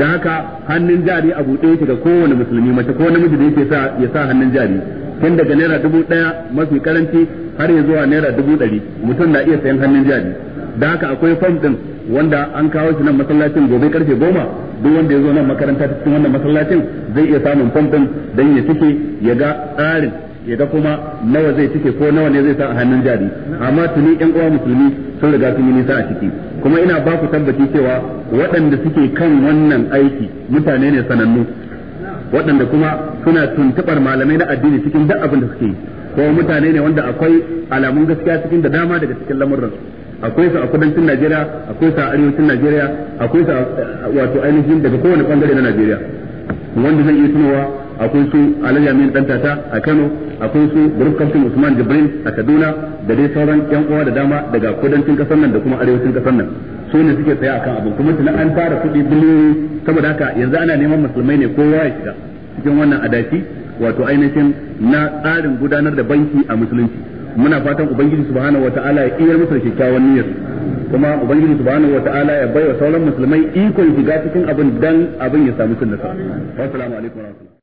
da haka hannun jari a buɗe yake ga kowane musulmi mace ko namiji da yake sa ya sa hannun jari tun daga naira dubu ɗaya mafi karanci har ya zuwa naira dubu ɗari mutum na iya sayan hannun jari da haka akwai fom ɗin wanda an kawo shi nan masallacin gobe karfe goma duk wanda ya zo nan makaranta cikin wannan masallacin zai iya samun fom ɗin don ya cike ya ga tsarin ya kuma nawa zai cike ko nawa ne zai sa a hannun jari amma tuni yan uwa musulmi sun riga sun yi nisa a ciki kuma ina ba ku tabbaci cewa waɗanda suke kan wannan aiki mutane ne sanannu waɗanda kuma suna tuntuɓar malamai na addini cikin duk abin da suke yi ko mutane ne wanda akwai alamun gaskiya cikin da dama daga cikin lamurran akwai su a kudancin Najeriya akwai su a arewacin Najeriya akwai su wato ainihin daga kowane bangare na Najeriya wanda zan iya tunawa akwai su alayya min dan tata a Kano akwai su Group Usman Jibril a Kaduna da dai sauran yan uwa da dama daga kudancin kasar nan da kuma arewacin kasar nan su ne suke tsaya akan abin kuma tunan an fara kuɗi biliyoyi saboda haka yanzu ana neman musulmai ne kowa ya shiga cikin wannan adaki wato ainihin na tsarin gudanar da banki a musulunci muna fatan ubangiji subhanahu wataala ya iya musu da kyakkyawan niyyar kuma ubangiji subhanahu wataala ya baiwa sauran musulmai ikon shiga cikin abin dan abin ya samu sunnata assalamu alaikum